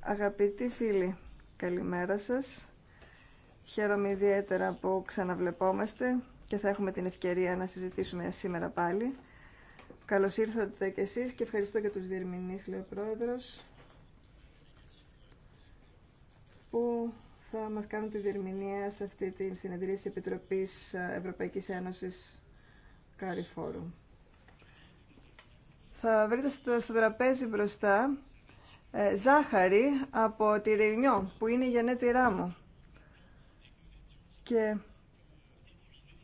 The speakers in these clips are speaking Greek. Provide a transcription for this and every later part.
Αγαπητοί φίλοι, καλημέρα σας. Χαίρομαι ιδιαίτερα που ξαναβλεπόμαστε και θα έχουμε την ευκαιρία να συζητήσουμε σήμερα πάλι. Καλώς ήρθατε κι εσείς και ευχαριστώ και τους διερμηνείς, λέει ο Πρόεδρος, που θα μας κάνουν τη διερμηνία σε αυτή τη συνεδρίαση Επιτροπής Ευρωπαϊκής Ένωσης Φόρουμ θα βρείτε στο τραπέζι μπροστά ε, ζάχαρη από τη Ρεϊνιό, που είναι η γενέτηρά μου. Και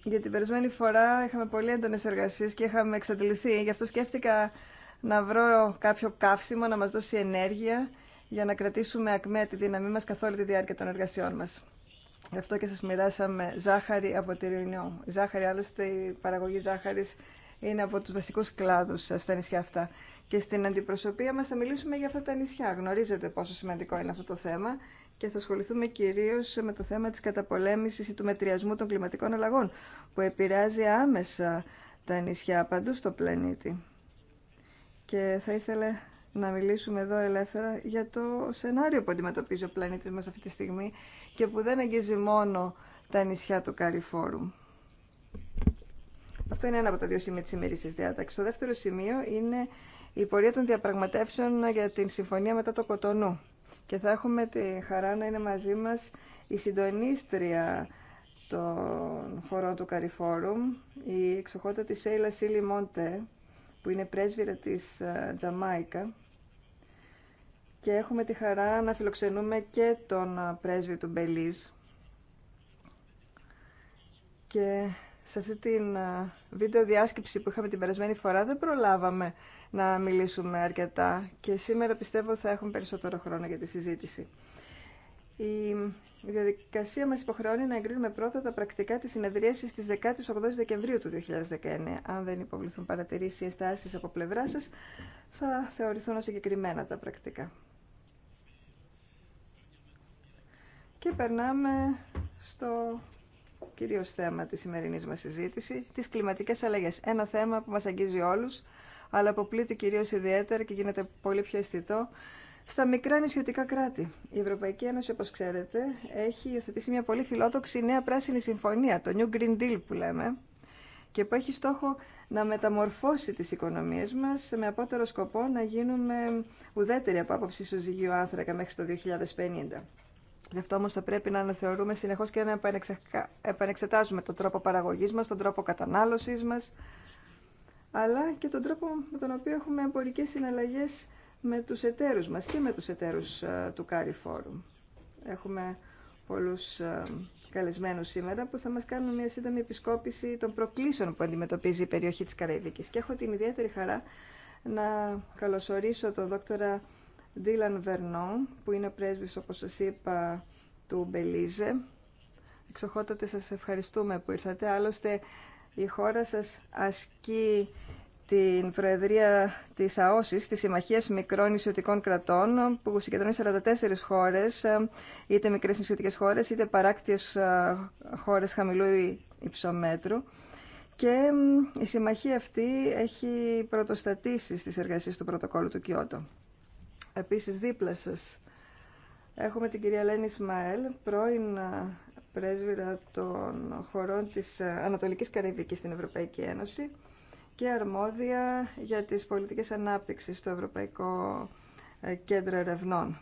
για την περισμένη φορά είχαμε πολύ έντονε εργασίε και είχαμε εξαντληθεί. Γι' αυτό σκέφτηκα να βρω κάποιο καύσιμο να μα δώσει ενέργεια για να κρατήσουμε ακμαία τη δύναμή μα καθ' όλη τη διάρκεια των εργασιών μα. Γι' αυτό και σα μοιράσαμε ζάχαρη από τη Ρινιό. Ζάχαρη, άλλωστε, η παραγωγή ζάχαρη είναι από τους βασικούς κλάδους στα νησιά αυτά. Και στην αντιπροσωπεία μας θα μιλήσουμε για αυτά τα νησιά. Γνωρίζετε πόσο σημαντικό είναι αυτό το θέμα και θα ασχοληθούμε κυρίως με το θέμα της καταπολέμησης ή του μετριασμού των κλιματικών αλλαγών που επηρεάζει άμεσα τα νησιά παντού στο πλανήτη. Και θα ήθελα να μιλήσουμε εδώ ελεύθερα για το σενάριο που αντιμετωπίζει ο πλανήτης μας αυτή τη στιγμή και που δεν αγγίζει μόνο τα νησιά του Καριφόρου. Αυτό είναι ένα από τα δύο σημεία τη ημερήσια διάταξη. Το δεύτερο σημείο είναι η πορεία των διαπραγματεύσεων για την συμφωνία μετά το Κοτονού. Και θα έχουμε τη χαρά να είναι μαζί μα η συντονίστρια των χωρών του Καριφόρουμ, η εξοχότατη Σέιλα Σίλι Μόντε, που είναι πρέσβυρα της ε, Τζαμάικα. Και έχουμε τη χαρά να φιλοξενούμε και τον ε, πρέσβη του Μπελίζ. Και σε αυτή τη βίντεο διάσκεψη που είχαμε την περασμένη φορά δεν προλάβαμε να μιλήσουμε αρκετά και σήμερα πιστεύω θα έχουμε περισσότερο χρόνο για τη συζήτηση. Η διαδικασία μας υποχρεώνει να εγκρίνουμε πρώτα τα πρακτικά της συνεδρίασης της 18 Δεκεμβρίου του 2019. Αν δεν υποβληθούν παρατηρήσεις ή αισθάσεις από πλευρά σας, θα θεωρηθούν συγκεκριμένα τα πρακτικά. Και περνάμε στο κυρίως θέμα της σημερινής μας συζήτηση, τις κλιματικές αλλαγές. Ένα θέμα που μας αγγίζει όλους, αλλά που πλήττει κυρίως ιδιαίτερα και γίνεται πολύ πιο αισθητό στα μικρά νησιωτικά κράτη. Η Ευρωπαϊκή Ένωση, όπως ξέρετε, έχει υιοθετήσει μια πολύ φιλόδοξη νέα πράσινη συμφωνία, το New Green Deal που λέμε, και που έχει στόχο να μεταμορφώσει τις οικονομίες μας με απότερο σκοπό να γίνουμε ουδέτεροι από άποψη σου άνθρακα μέχρι το 2050. Γι' αυτό όμω θα πρέπει να αναθεωρούμε συνεχώ και να επανεξετάζουμε τον τρόπο παραγωγή μα, τον τρόπο κατανάλωσής μας, αλλά και τον τρόπο με τον οποίο έχουμε εμπορικές συναλλαγές με τους εταίρους μας και με τους εταίρους ε, του Κάρι Φόρουμ. Έχουμε πολλούς ε, καλεσμένου σήμερα που θα μας κάνουν μια σύντομη επισκόπηση των προκλήσεων που αντιμετωπίζει η περιοχή της Καραϊβικής. Και έχω την ιδιαίτερη χαρά να καλωσορίσω τον δόκτωρα Δίλαν Βερνό, που είναι πρέσβης, όπως σας είπα, του Μπελίζε. Εξοχότατε, σας ευχαριστούμε που ήρθατε. Άλλωστε, η χώρα σας ασκεί την Προεδρία της ΑΟΣΙΣ, της Συμμαχίας Μικρών Ισιωτικών Κρατών, που συγκεντρώνει 44 χώρες, είτε μικρές ισιωτικές χώρες, είτε παράκτιες ε, χώρες χαμηλού υψομέτρου. Και η συμμαχία αυτή έχει πρωτοστατήσει στις εργασίες του πρωτοκόλλου του Κιώτο. Επίσης δίπλα σας έχουμε την κυρία Λένη Ισμαέλ, πρώην πρέσβυρα των χωρών της Ανατολικής Καραϊβικής στην Ευρωπαϊκή Ένωση και αρμόδια για τις πολιτικές ανάπτυξης στο Ευρωπαϊκό ε, Κέντρο Ερευνών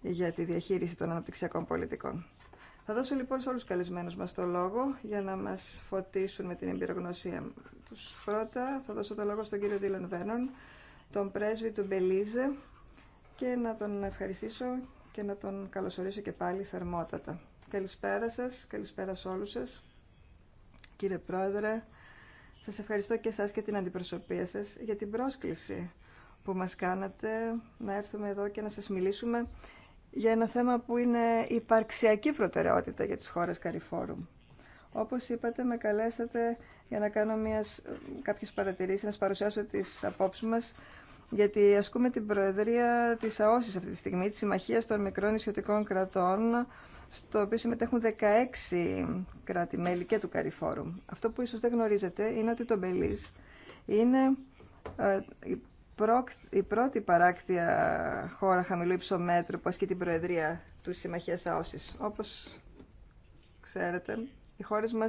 για τη διαχείριση των αναπτυξιακών πολιτικών. Θα δώσω λοιπόν σε όλους τους καλεσμένους μας το λόγο για να μας φωτίσουν με την εμπειρογνωσία τους. Πρώτα θα δώσω το λόγο στον κύριο Δίλαν Βένον, τον πρέσβη του Μπελίζε και να τον ευχαριστήσω και να τον καλωσορίσω και πάλι θερμότατα. Καλησπέρα σας, καλησπέρα σε όλους σας. Κύριε Πρόεδρε, σας ευχαριστώ και εσάς και την αντιπροσωπεία σας για την πρόσκληση που μας κάνατε να έρθουμε εδώ και να σας μιλήσουμε για ένα θέμα που είναι υπαρξιακή προτεραιότητα για τις χώρες Καριφόρουμ. Όπως είπατε, με καλέσατε για να κάνω μιας, κάποιες παρατηρήσεις, να σας παρουσιάσω τις απόψεις μας γιατί ασκούμε την Προεδρία της ΑΟΣης αυτή τη στιγμή, της συμμαχία των Μικρών Ισιωτικών Κρατών, στο οποίο συμμετέχουν 16 κράτη-μέλη και του Καριφόρου. Αυτό που ίσως δεν γνωρίζετε είναι ότι το Μπελή είναι ε, η πρώτη παράκτια χώρα χαμηλού υψομέτρου που ασκεί την Προεδρία του Συμμαχία ΑΟΣης. Όπως ξέρετε, οι χώρε μα.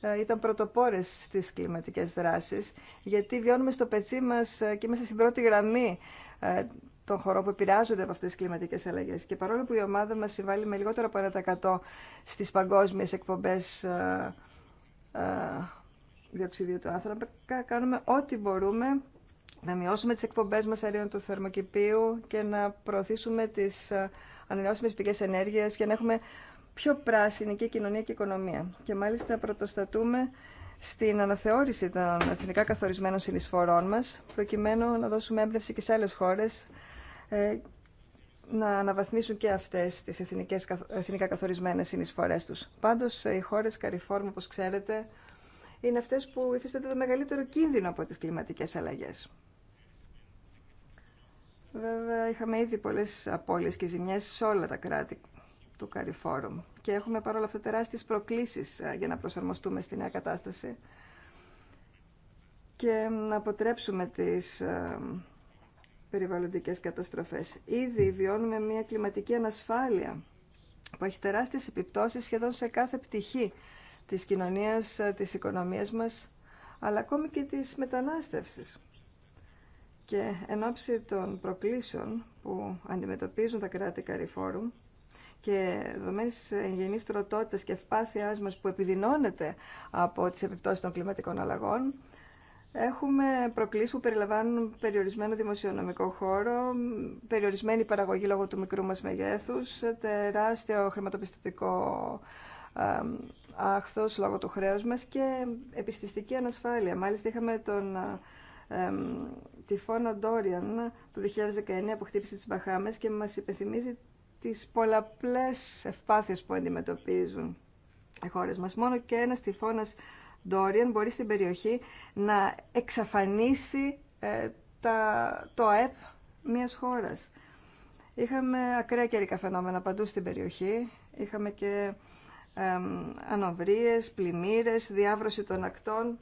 Ε, ήταν πρωτοπόρε στις κλιματικέ δράσει, γιατί βιώνουμε στο πετσί μα ε, και είμαστε στην πρώτη γραμμή ε, των χωρών που επηρεάζονται από αυτέ τι κλιματικέ αλλαγέ. Και παρόλο που η ομάδα μα συμβάλλει με λιγότερο από 1% στι παγκόσμιε εκπομπέ διοξιδίου του άνθρακα, κάνουμε ό,τι μπορούμε να μειώσουμε τις εκπομπές μας αερίων του θερμοκηπίου και να προωθήσουμε τις ανανεώσιμες πηγές ενέργειας και να έχουμε πιο πράσινη και κοινωνία και οικονομία. Και μάλιστα πρωτοστατούμε στην αναθεώρηση των εθνικά καθορισμένων συνεισφορών μας, προκειμένου να δώσουμε έμπνευση και σε άλλες χώρες ε, να αναβαθμίσουν και αυτές τις εθνικές, εθνικά καθορισμένες συνεισφορές τους. Πάντως, ε, οι χώρες καριφόρμ, όπως ξέρετε, είναι αυτές που υφίστανται το μεγαλύτερο κίνδυνο από τις κλιματικές αλλαγές. Βέβαια, είχαμε ήδη πολλές απώλειες και ζημιές σε όλα τα κράτη του Καριφόρουμ και έχουμε παρόλα αυτά τεράστιες προκλήσεις ε, για να προσαρμοστούμε στη νέα κατάσταση και να αποτρέψουμε τις ε, περιβαλλοντικές καταστροφές. Ήδη βιώνουμε μια κλιματική ανασφάλεια που έχει τεράστιες επιπτώσεις σχεδόν σε κάθε πτυχή της κοινωνίας, ε, της οικονομίας μας, αλλά ακόμη και της μετανάστευσης. Και εν ώψη των προκλήσεων που αντιμετωπίζουν τα κράτη Καριφόρουμ, και δεδομένη εγγενή τροτότητα και ευπάθειά μα που επιδεινώνεται από τι επιπτώσει των κλιματικών αλλαγών, έχουμε προκλήσει που περιλαμβάνουν περιορισμένο δημοσιονομικό χώρο, περιορισμένη παραγωγή λόγω του μικρού μα μεγέθου, τεράστιο χρηματοπιστωτικό άχθό λόγω του χρέου μα και επιστηστική ανασφάλεια. Μάλιστα είχαμε τον ε, τυφώνα Ντόριαν του 2019 που χτύπησε τις Μπαχάμες και μας υπενθυμίζει τις πολλαπλές ευπάθειες που αντιμετωπίζουν οι χώρες μας. Μόνο και ένας τυφώνας Ντόριαν μπορεί στην περιοχή να εξαφανίσει ε, το ΑΕΠ μιας χώρας. Είχαμε ακραία καιρικά φαινόμενα παντού στην περιοχή. Είχαμε και ανοβρίες, πλημμύρες, διάβρωση των ακτών.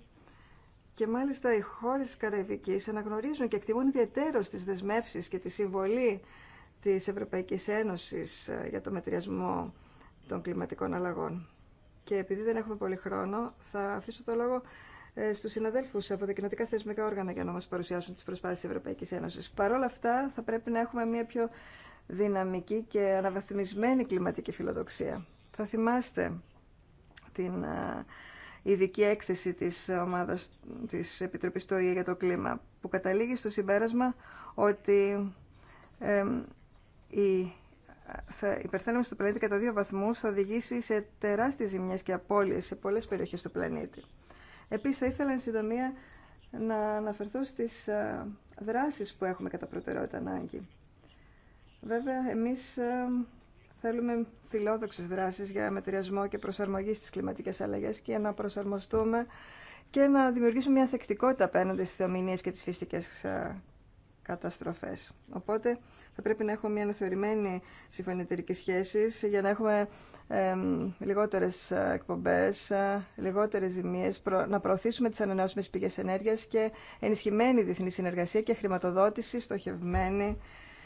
Και μάλιστα οι χώρες της Καραϊβικής αναγνωρίζουν και εκτιμούν ιδιαίτερως τις δεσμεύσεις και τη συμβολή της Ευρωπαϊκής Ένωσης ε, για το μετριασμό των κλιματικών αλλαγών. Και επειδή δεν έχουμε πολύ χρόνο, θα αφήσω το λόγο ε, στους συναδέλφους από τα κοινοτικά θεσμικά όργανα για να μας παρουσιάσουν τις προσπάθειες της Ευρωπαϊκής Ένωσης. Παρ' όλα αυτά, θα πρέπει να έχουμε μια πιο δυναμική και αναβαθμισμένη κλιματική φιλοδοξία. Θα θυμάστε την ε, ειδική έκθεση της ομάδας της Επιτροπής του ΟΗΕ για το κλίμα, που καταλήγει στο συμπέρασμα ότι η υπερθέρμανση του πλανήτη κατά δύο βαθμούς θα οδηγήσει σε τεράστιες ζημιές και απώλειες σε πολλές περιοχές του πλανήτη. Επίσης, θα ήθελα εν συντομία να αναφερθώ στις δράσεις που έχουμε κατά προτεραιότητα ανάγκη. Βέβαια, εμείς θέλουμε φιλόδοξες δράσεις για μετριασμό και προσαρμογή στις κλιματικές αλλαγές και να προσαρμοστούμε και να δημιουργήσουμε μια θεκτικότητα απέναντι στις θεομηνίες και τις φυσικές καταστροφές. Οπότε θα πρέπει να έχουμε μια αναθεωρημένη συμφωνία σχέση για να έχουμε ε, ε, λιγότερες εκπομπές, λιγότερες ζημίες, να προωθήσουμε τις ανανεώσιμες πηγές ενέργειας και ενισχυμένη διεθνή συνεργασία και χρηματοδότηση στοχευμένη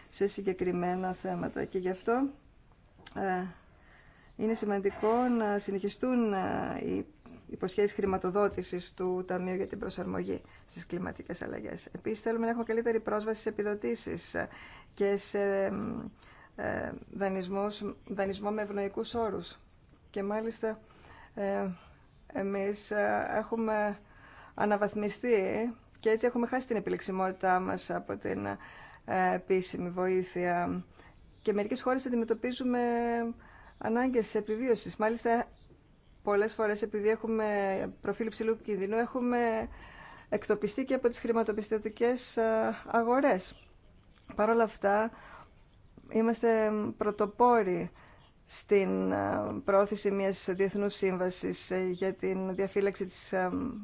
σε συγκεκριμένα θέματα. Και γι' αυτό ε, είναι σημαντικό να συνεχιστούν ε, οι υποσχέσει χρηματοδότηση του Ταμείου για την Προσαρμογή στι Κλιματικέ Αλλαγέ. Επίση, θέλουμε να έχουμε καλύτερη πρόσβαση σε επιδοτήσει και σε ε, δανεισμό με ευνοϊκού όρου. Και μάλιστα, ε, εμεί ε, έχουμε αναβαθμιστεί και έτσι έχουμε χάσει την επιλεξιμότητά μα από την επίσημη βοήθεια. Και μερικέ χώρε αντιμετωπίζουμε ανάγκες επιβίωση, Μάλιστα πολλές φορές επειδή έχουμε προφίλ ψηλού κινδυνού έχουμε εκτοπιστεί και από τις χρηματοπιστωτικές ε, αγορές. Παρ' όλα αυτά είμαστε πρωτοπόροι στην ε, πρόθεση μιας διεθνούς σύμβασης ε, για την διαφύλαξη της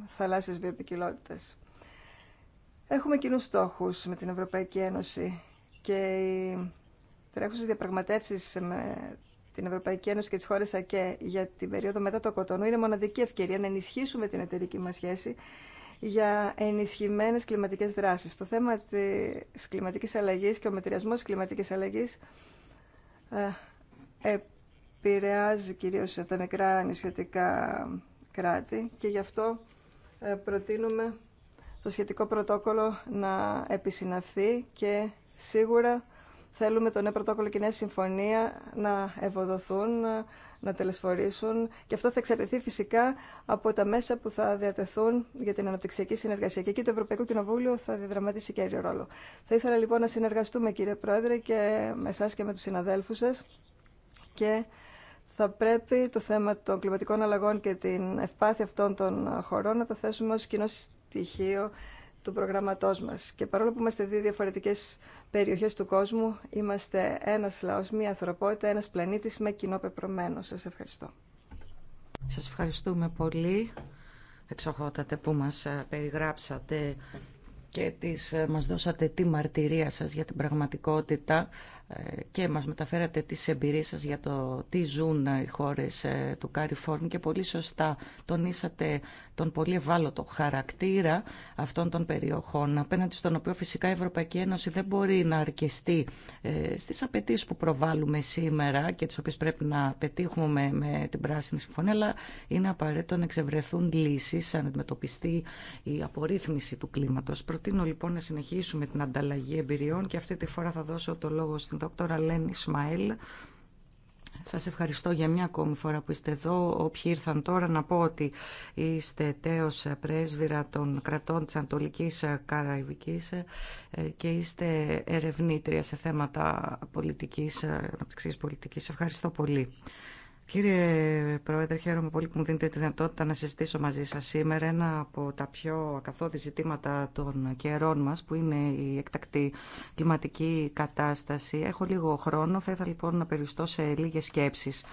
θαλάσσιας βιοποικιλότητας. Έχουμε κοινούς στόχους με την Ευρωπαϊκή Ένωση και οι τρέχουσες διαπραγματεύσεις με την Ευρωπαϊκή Ένωση και τι χώρες ΑΚΕ για την περίοδο μετά το Κοτονού είναι μοναδική ευκαιρία να ενισχύσουμε την εταιρική μα σχέση για ενισχυμένες κλιματικές δράσεις. Το θέμα της κλιματικής αλλαγής και ο μετριασμός της κλιματικής αλλαγής ε, επηρεάζει κυρίω τα μικρά νησιωτικά κράτη και γι' αυτό ε, προτείνουμε το σχετικό πρωτόκολλο να επισυναυθεί και σίγουρα Θέλουμε το νέο πρωτόκολλο και νέα συμφωνία να ευοδοθούν, να τελεσφορήσουν και αυτό θα εξαρτηθεί φυσικά από τα μέσα που θα διατεθούν για την αναπτυξιακή συνεργασία. Και εκεί το Ευρωπαϊκό Κοινοβούλιο θα διδραματίσει κέριο ρόλο. Θα ήθελα λοιπόν να συνεργαστούμε κύριε Πρόεδρε και με εσά και με τους συναδέλφου σα. και θα πρέπει το θέμα των κλιματικών αλλαγών και την ευπάθεια αυτών των χωρών να το θέσουμε ως κοινό στοιχείο του προγραμματός μας. Και παρόλο που είμαστε δύο διαφορετικές περιοχές του κόσμου, είμαστε ένας λαός, μία ανθρωπότητα, ένας πλανήτης με κοινό πεπρωμένο. Σας ευχαριστώ. Σας ευχαριστούμε πολύ, εξοχότατε που μας ε, περιγράψατε και τις, ε, μας δώσατε τη μαρτυρία σας για την πραγματικότητα και μας μεταφέρατε τις εμπειρίες σας για το τι ζουν οι χώρες ε, του Κάριφόρν και πολύ σωστά τονίσατε τον πολύ ευάλωτο χαρακτήρα αυτών των περιοχών απέναντι στον οποίο φυσικά η Ευρωπαϊκή Ένωση δεν μπορεί να αρκεστεί ε, στις απαιτήσει που προβάλλουμε σήμερα και τις οποίες πρέπει να πετύχουμε με την Πράσινη Συμφωνία αλλά είναι απαραίτητο να εξευρεθούν λύσεις αν αντιμετωπιστεί η απορρίθμιση του κλίματος. Προτείνω λοιπόν να συνεχίσουμε την ανταλλαγή εμπειριών και αυτή τη φορά θα δώσω το λόγο στην δόκτωρα Λέν Ισμαήλ. Σας ευχαριστώ για μια ακόμη φορά που είστε εδώ. Όποιοι ήρθαν τώρα να πω ότι είστε τέος πρέσβυρα των κρατών της Ανατολικής Καραϊβικής ε, και είστε ερευνήτρια σε θέματα πολιτικής, αναπτυξής πολιτικής. Ευχαριστώ πολύ. Κύριε Πρόεδρε, χαίρομαι πολύ που μου δίνετε τη δυνατότητα να συζητήσω μαζί σας σήμερα ένα από τα πιο ακαθόδη ζητήματα των καιρών μας, που είναι η εκτακτή κλιματική κατάσταση. Έχω λίγο χρόνο, θα ήθελα λοιπόν να περιστώ σε λίγες σκέψεις.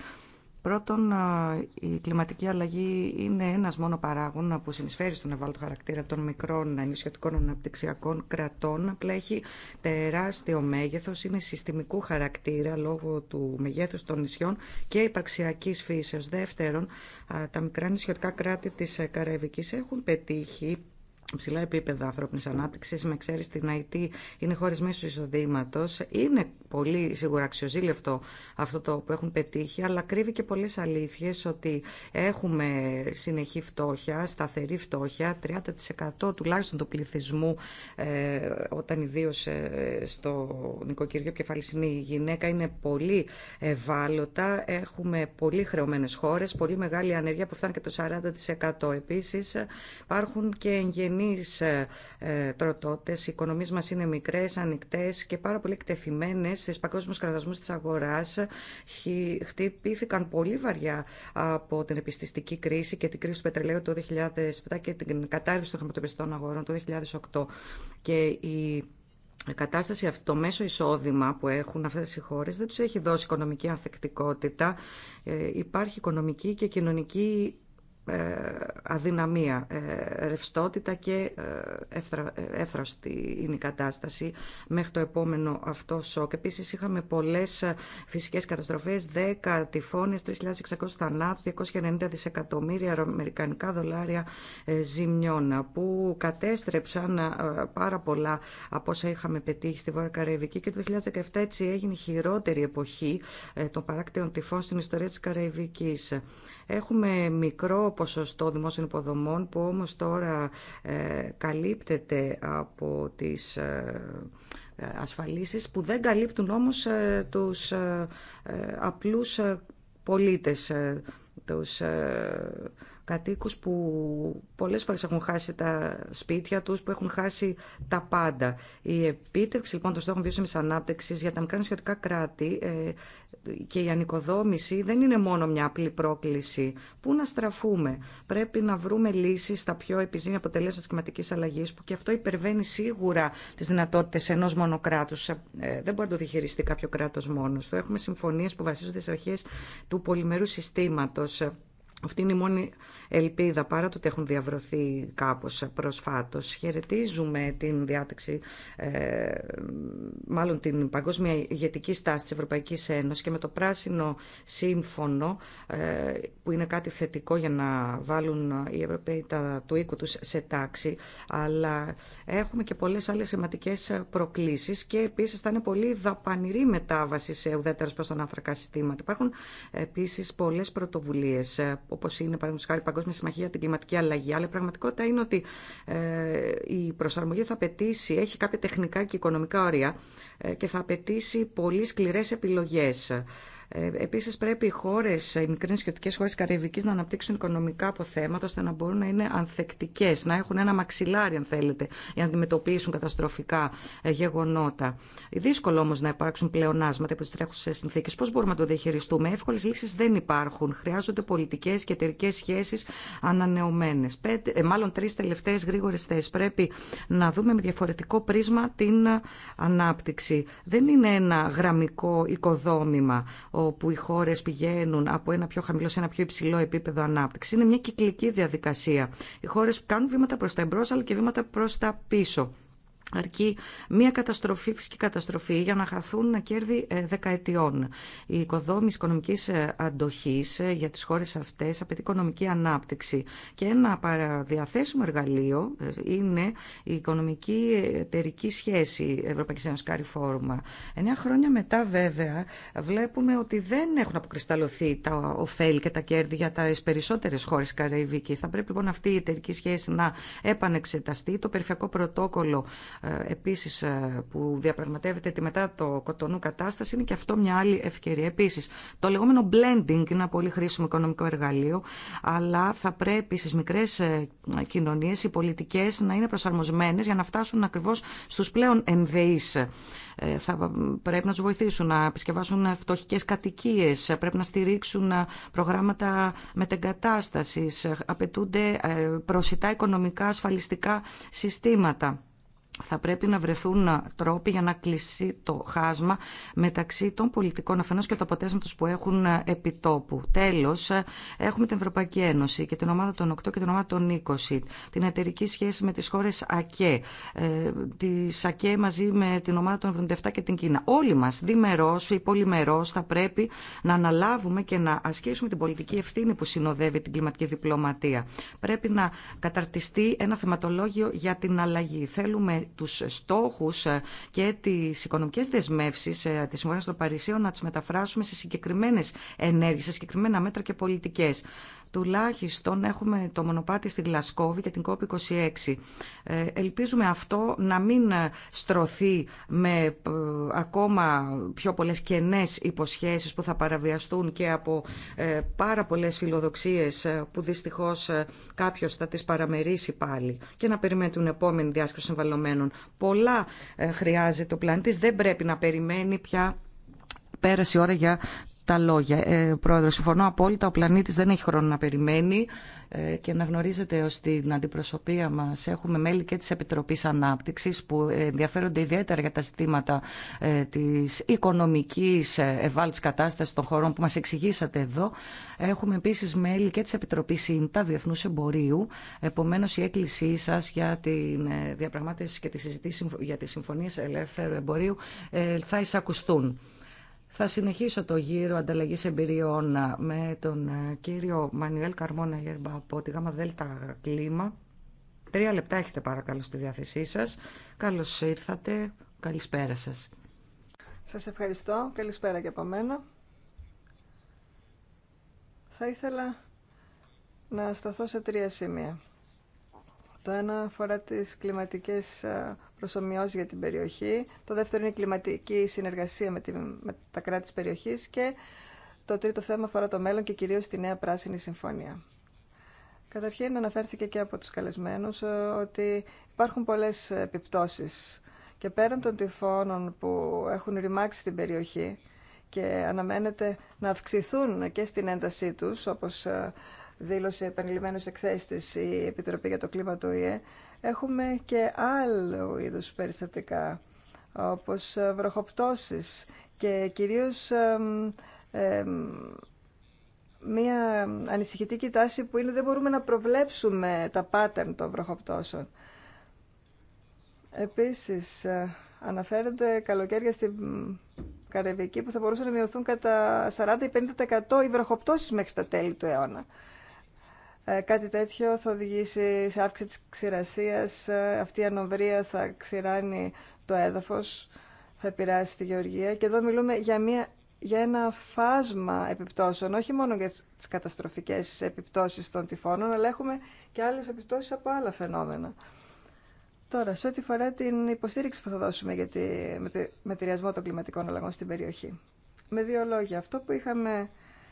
Πρώτον, η κλιματική αλλαγή είναι ένα μόνο παράγων που συνεισφέρει στον ευάλωτο χαρακτήρα των μικρών νησιωτικών αναπτυξιακών κρατών. Απλά έχει τεράστιο μέγεθο, είναι συστημικού χαρακτήρα λόγω του μεγέθου των νησιών και υπαρξιακή φύσεω. Δεύτερον, τα μικρά νησιωτικά κράτη τη Καραϊβική έχουν πετύχει Ψηλά επίπεδα ανθρώπινη ανάπτυξη, με ξέρει την ΑΕΤ, είναι χώρε μέσω εισοδήματο. Είναι πολύ σίγουρα αξιοζήλευτο αυτό το που έχουν πετύχει, αλλά κρύβει και πολλέ αλήθειε ότι έχουμε συνεχή φτώχεια, σταθερή φτώχεια, 30% τουλάχιστον του πληθυσμού, ε, όταν ιδίω ε, στο νοικοκυριό είναι η γυναίκα είναι πολύ ευάλωτα. Έχουμε πολύ χρεωμένε χώρε, πολύ μεγάλη ανεργία που φτάνει και το 40%. Επίση, υπάρχουν και εγγενεί ασθενείς ε, ε, τροτότες, οι οικονομίες μας είναι μικρές, ανοιχτές και πάρα πολύ εκτεθειμένες στις παγκόσμιους κραδασμούς της αγοράς. Χτυπήθηκαν πολύ βαριά από την επιστηστική κρίση και την κρίση του πετρελαίου το 2007 και την κατάρρευση των χρηματοπιστών αγορών το 2008. Και η κατάσταση αυτό, το μέσο εισόδημα που έχουν αυτές οι χώρες δεν τους έχει δώσει οικονομική ανθεκτικότητα. Ε, υπάρχει οικονομική και κοινωνική ε, αδυναμία ε, ρευστότητα και ε, εύθραστη είναι η κατάσταση μέχρι το επόμενο αυτό σοκ. Επίσης είχαμε πολλές φυσικές καταστροφές, 10 τυφώνες, 3.600 θανάτου, 290 δισεκατομμύρια αμερικανικά δολάρια ζημιών που κατέστρεψαν πάρα πολλά από όσα είχαμε πετύχει στη Βόρεια Καραϊβική και το 2017 έτσι έγινε η χειρότερη εποχή των παράκτηων τυφών στην ιστορία της Καραϊβικής. Έχουμε μικρό ποσοστό δημόσιων υποδομών που όμως τώρα ε, καλύπτεται από τις ε, ε, ασφαλίσεις που δεν καλύπτουν όμως τους απλούς πολίτες, τους κατοίκους που πολλές φορές έχουν χάσει τα σπίτια τους, που έχουν χάσει τα πάντα. Η επίτευξη λοιπόν των στόχων βιώσιμης ανάπτυξης για τα μικρά νησιωτικά κράτη και η ανοικοδόμηση δεν είναι μόνο μια απλή πρόκληση. Πού να στραφούμε. Πρέπει να βρούμε λύσεις στα πιο επιζήμια αποτελέσματα της κλιματικής αλλαγής που και αυτό υπερβαίνει σίγουρα τις δυνατότητες ενός μονοκράτους. Ε, ε, δεν μπορεί να το διχειριστεί κάποιο κράτος μόνος του. Έχουμε συμφωνίες που βασίζονται στις αρχές του πολυμερού συστήματος αυτή είναι η μόνη ελπίδα, παρά το ότι έχουν διαβρωθεί κάπως προσφάτως. Χαιρετίζουμε την διάταξη, ε, μάλλον την παγκόσμια ηγετική στάση της Ευρωπαϊκής Ένωσης και με το πράσινο σύμφωνο, ε, που είναι κάτι θετικό για να βάλουν οι Ευρωπαίοι τα, του οίκου τους σε τάξη, αλλά έχουμε και πολλές άλλες σημαντικές προκλήσεις και επίσης θα είναι πολύ δαπανηρή μετάβαση σε ουδέτερος προς τον άνθρακα συστήματα. Υπάρχουν επίσης πολλές πρωτοβουλίες όπω είναι παραδείγματο χάρη η Παγκόσμια Συμμαχία για την Κλιματική Αλλαγή. Αλλά η πραγματικότητα είναι ότι ε, η προσαρμογή θα απαιτήσει, έχει κάποια τεχνικά και οικονομικά όρια ε, και θα απαιτήσει πολύ σκληρέ επιλογέ. Ε, Επίση, πρέπει οι χώρε, οι μικρέ νησιωτικέ χώρε Καραϊβική, να αναπτύξουν οικονομικά αποθέματα ώστε να μπορούν να είναι ανθεκτικέ, να έχουν ένα μαξιλάρι, αν θέλετε, για να αντιμετωπίσουν καταστροφικά ε, γεγονότα. Δύσκολο όμω να υπάρξουν πλεονάσματα από τι τρέχουσε συνθήκε. Πώ μπορούμε να το διαχειριστούμε. Εύκολε λύσει δεν υπάρχουν. Χρειάζονται πολιτικέ και εταιρικέ σχέσει ανανεωμένε. Ε, μάλλον τρει τελευταίε γρήγορε θέσει. Πρέπει να δούμε με διαφορετικό πρίσμα την ανάπτυξη. Δεν είναι ένα γραμμικό οικοδόμημα όπου οι χώρες πηγαίνουν από ένα πιο χαμηλό σε ένα πιο υψηλό επίπεδο ανάπτυξη. Είναι μια κυκλική διαδικασία. Οι χώρες κάνουν βήματα προς τα εμπρός αλλά και βήματα προς τα πίσω. Αρκεί μια καταστροφή, φυσική καταστροφή για να χαθούν κέρδη ε, δεκαετιών. Η οικοδόμηση οικονομικής ε, αντοχής ε, για τις χώρες αυτές απαιτεί οικονομική ανάπτυξη και ένα παραδιαθέσιμο εργαλείο είναι η οικονομική εταιρική σχέση Ευρωπαϊκή Ένωση Κάρι Φόρουμα. Εννέα χρόνια μετά βέβαια βλέπουμε ότι δεν έχουν αποκρισταλωθεί τα ωφέλη και τα κέρδη για τις περισσότερες χώρες Καραϊβικής. Θα πρέπει λοιπόν αυτή η εταιρική σχέση να επανεξεταστεί. Το περιφερειακό πρωτόκολλο ε, Επίση ε, που διαπραγματεύεται τη μετά το κοτονού κατάσταση είναι και αυτό μια άλλη ευκαιρία. Επίση, το λεγόμενο blending είναι ένα πολύ χρήσιμο οικονομικό εργαλείο αλλά θα πρέπει στι μικρέ ε, κοινωνίε οι πολιτικέ να είναι προσαρμοσμένε για να φτάσουν ακριβώ στου πλέον ενδεεί. Θα πρέπει να του βοηθήσουν να επισκευάσουν φτωχικέ κατοικίε, πρέπει να στηρίξουν προγράμματα μετεγκατάσταση, απαιτούνται προσιτά οικονομικά ασφαλιστικά συστήματα θα πρέπει να βρεθούν τρόποι για να κλεισεί το χάσμα μεταξύ των πολιτικών Αφενό και των αποτέλεσματο που έχουν επιτόπου. Τέλο, έχουμε την Ευρωπαϊκή Ένωση και την ομάδα των 8 και την ομάδα των 20, την εταιρική σχέση με τι χώρε ΑΚΕ, ε, τις ΑΚΕ μαζί με την ομάδα των 77 και την Κίνα. Όλοι μα διμερό ή πολυμερό, θα πρέπει να αναλάβουμε και να ασκήσουμε την πολιτική ευθύνη που συνοδεύει την κλιματική διπλωματία. Πρέπει να καταρτιστεί ένα θεματολόγιο για την αλλαγή. Θέλουμε τους στόχους ε, και τις οικονομικές δεσμεύσεις ε, της Συμφωνίας των Παρισίων να τις μεταφράσουμε σε συγκεκριμένες ενέργειες, σε συγκεκριμένα μέτρα και πολιτικές τουλάχιστον έχουμε το μονοπάτι στην Γλασκόβη και την COP26. Ε, ελπίζουμε αυτό να μην στρωθεί με ε, ακόμα πιο πολλές κενές υποσχέσεις που θα παραβιαστούν και από ε, πάρα πολλές φιλοδοξίες που δυστυχώς κάποιος θα τις παραμερίσει πάλι και να περιμένουν επόμενη διάσκεψη συμβαλωμένων. Πολλά χρειάζεται ο πλανήτης, δεν πρέπει να περιμένει πια πέρασε ώρα για τα λόγια. Ε, πρόεδρο, συμφωνώ απόλυτα. Ο πλανήτη δεν έχει χρόνο να περιμένει ε, και να γνωρίζετε ότι στην αντιπροσωπεία μα έχουμε μέλη και τη Επιτροπή Ανάπτυξη που ενδιαφέρονται ιδιαίτερα για τα ζητήματα ε, τη οικονομική ε, ευάλωτη κατάσταση των χωρών που μα εξηγήσατε εδώ. Έχουμε επίση μέλη και τη Επιτροπή ΣΥΝΤΑ Διεθνού Εμπορίου. Επομένω, η έκκλησή σα για τη ε, διαπραγμάτευση και τη συζήτηση για τι συμφωνίε ελεύθερου εμπορίου θα εισακουστούν. Θα συνεχίσω το γύρο ανταλλαγής εμπειριών με τον κύριο Μανιουέλ Καρμόνα Γέρμπα από τη ΓΑΜΑ ΔΕΛΤΑ Κλίμα. Τρία λεπτά έχετε παρακαλώ στη διάθεσή σας. Καλώς ήρθατε. Καλησπέρα σας. Σας ευχαριστώ. Καλησπέρα και από μένα. Θα ήθελα να σταθώ σε τρία σημεία. Το ένα αφορά τις κλιματικές προσωμιώσει για την περιοχή. Το δεύτερο είναι η κλιματική συνεργασία με, τη, με τα κράτη της περιοχής και το τρίτο θέμα αφορά το μέλλον και κυρίως τη νέα πράσινη συμφωνία. Καταρχήν αναφέρθηκε και από τους καλεσμένους ε, ότι υπάρχουν πολλές επιπτώσει και πέραν των τυφώνων που έχουν ρημάξει την περιοχή και αναμένεται να αυξηθούν και στην έντασή τους όπως ε, δήλωσε επανειλημμένος εκθέστης η Επιτροπή για το Κλίμα του ΙΕ έχουμε και άλλου είδους περιστατικά, όπως ε, βροχοπτώσεις και κυρίως μία ανησυχητική τάση που είναι δεν μπορούμε να προβλέψουμε τα pattern των βροχοπτώσεων. Επίσης, ε, αναφέρονται καλοκαίρια στην Καρεβική που θα μπορούσαν να μειωθούν κατά 40-50% οι βροχοπτώσεις μέχρι τα τέλη του αιώνα. Ε, κάτι τέτοιο θα οδηγήσει σε αύξηση της ξηρασίας, ε, αυτή η ανοβρία θα ξηράνει το έδαφος, θα επηρεάσει τη γεωργία και εδώ μιλούμε για, μια, για ένα φάσμα επιπτώσεων, όχι μόνο για τις καταστροφικές επιπτώσεις των τυφώνων, αλλά έχουμε και άλλες επιπτώσεις από άλλα φαινόμενα. Τώρα, σε ό,τι φορά την υποστήριξη που θα δώσουμε για τη, με, τη, των κλιματικών αλλαγών στην περιοχή. Με δύο λόγια, αυτό που είχαμε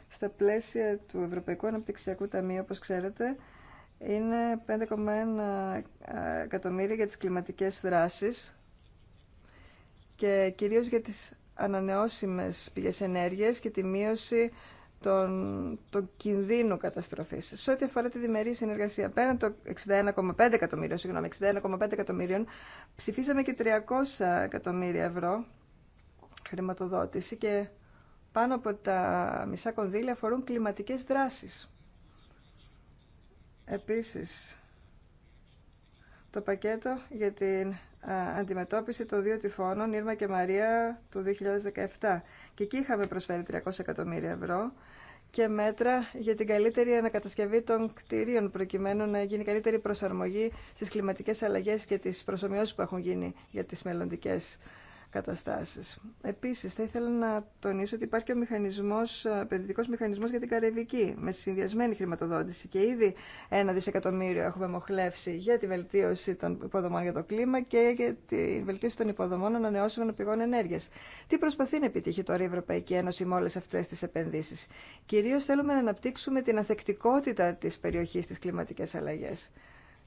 στα πλαίσια του Ευρωπαϊκού Αναπτυξιακού Ταμείου, όπως ξέρετε, είναι 5,1 εκατομμύρια για τις κλιματικές δράσεις και κυρίως για τις ανανεώσιμες πηγές ενέργειας και τη μείωση των, των κινδύνου καταστροφής. Σε ό,τι αφορά τη διμερή συνεργασία, πέραν το 61,5 εκατομμύριο, συγγνώμη, 61,5 εκατομμύριων, ψηφίσαμε και 300 εκατομμύρια ευρώ χρηματοδότηση και πάνω από τα μισά κονδύλια αφορούν κλιματικές δράσεις. Επίσης, το πακέτο για την αντιμετώπιση των δύο τυφώνων Ήρμα και Μαρία του 2017. Και εκεί είχαμε προσφέρει 300 εκατομμύρια ευρώ και μέτρα για την καλύτερη ανακατασκευή των κτηρίων προκειμένου να γίνει καλύτερη προσαρμογή στις κλιματικές αλλαγές και τις προσωμιώσεις που έχουν γίνει για τις μελλοντικές καταστάσεις. Επίσης, θα ήθελα να τονίσω ότι υπάρχει και ο μηχανισμός, ε, επενδυτικός μηχανισμός για την Καραϊβική, με συνδυασμένη χρηματοδότηση και ήδη ένα δισεκατομμύριο έχουμε μοχλεύσει για τη βελτίωση των υποδομών για το κλίμα και για τη βελτίωση των υποδομών ανανεώσιμων πηγών ενέργειας. Τι προσπαθεί να επιτύχει τώρα η Ευρωπαϊκή Ένωση με όλες αυτές τις επενδύσεις. Κυρίως θέλουμε να αναπτύξουμε την αθεκτικότητα της περιοχής στι κλιματικέ αλλαγέ.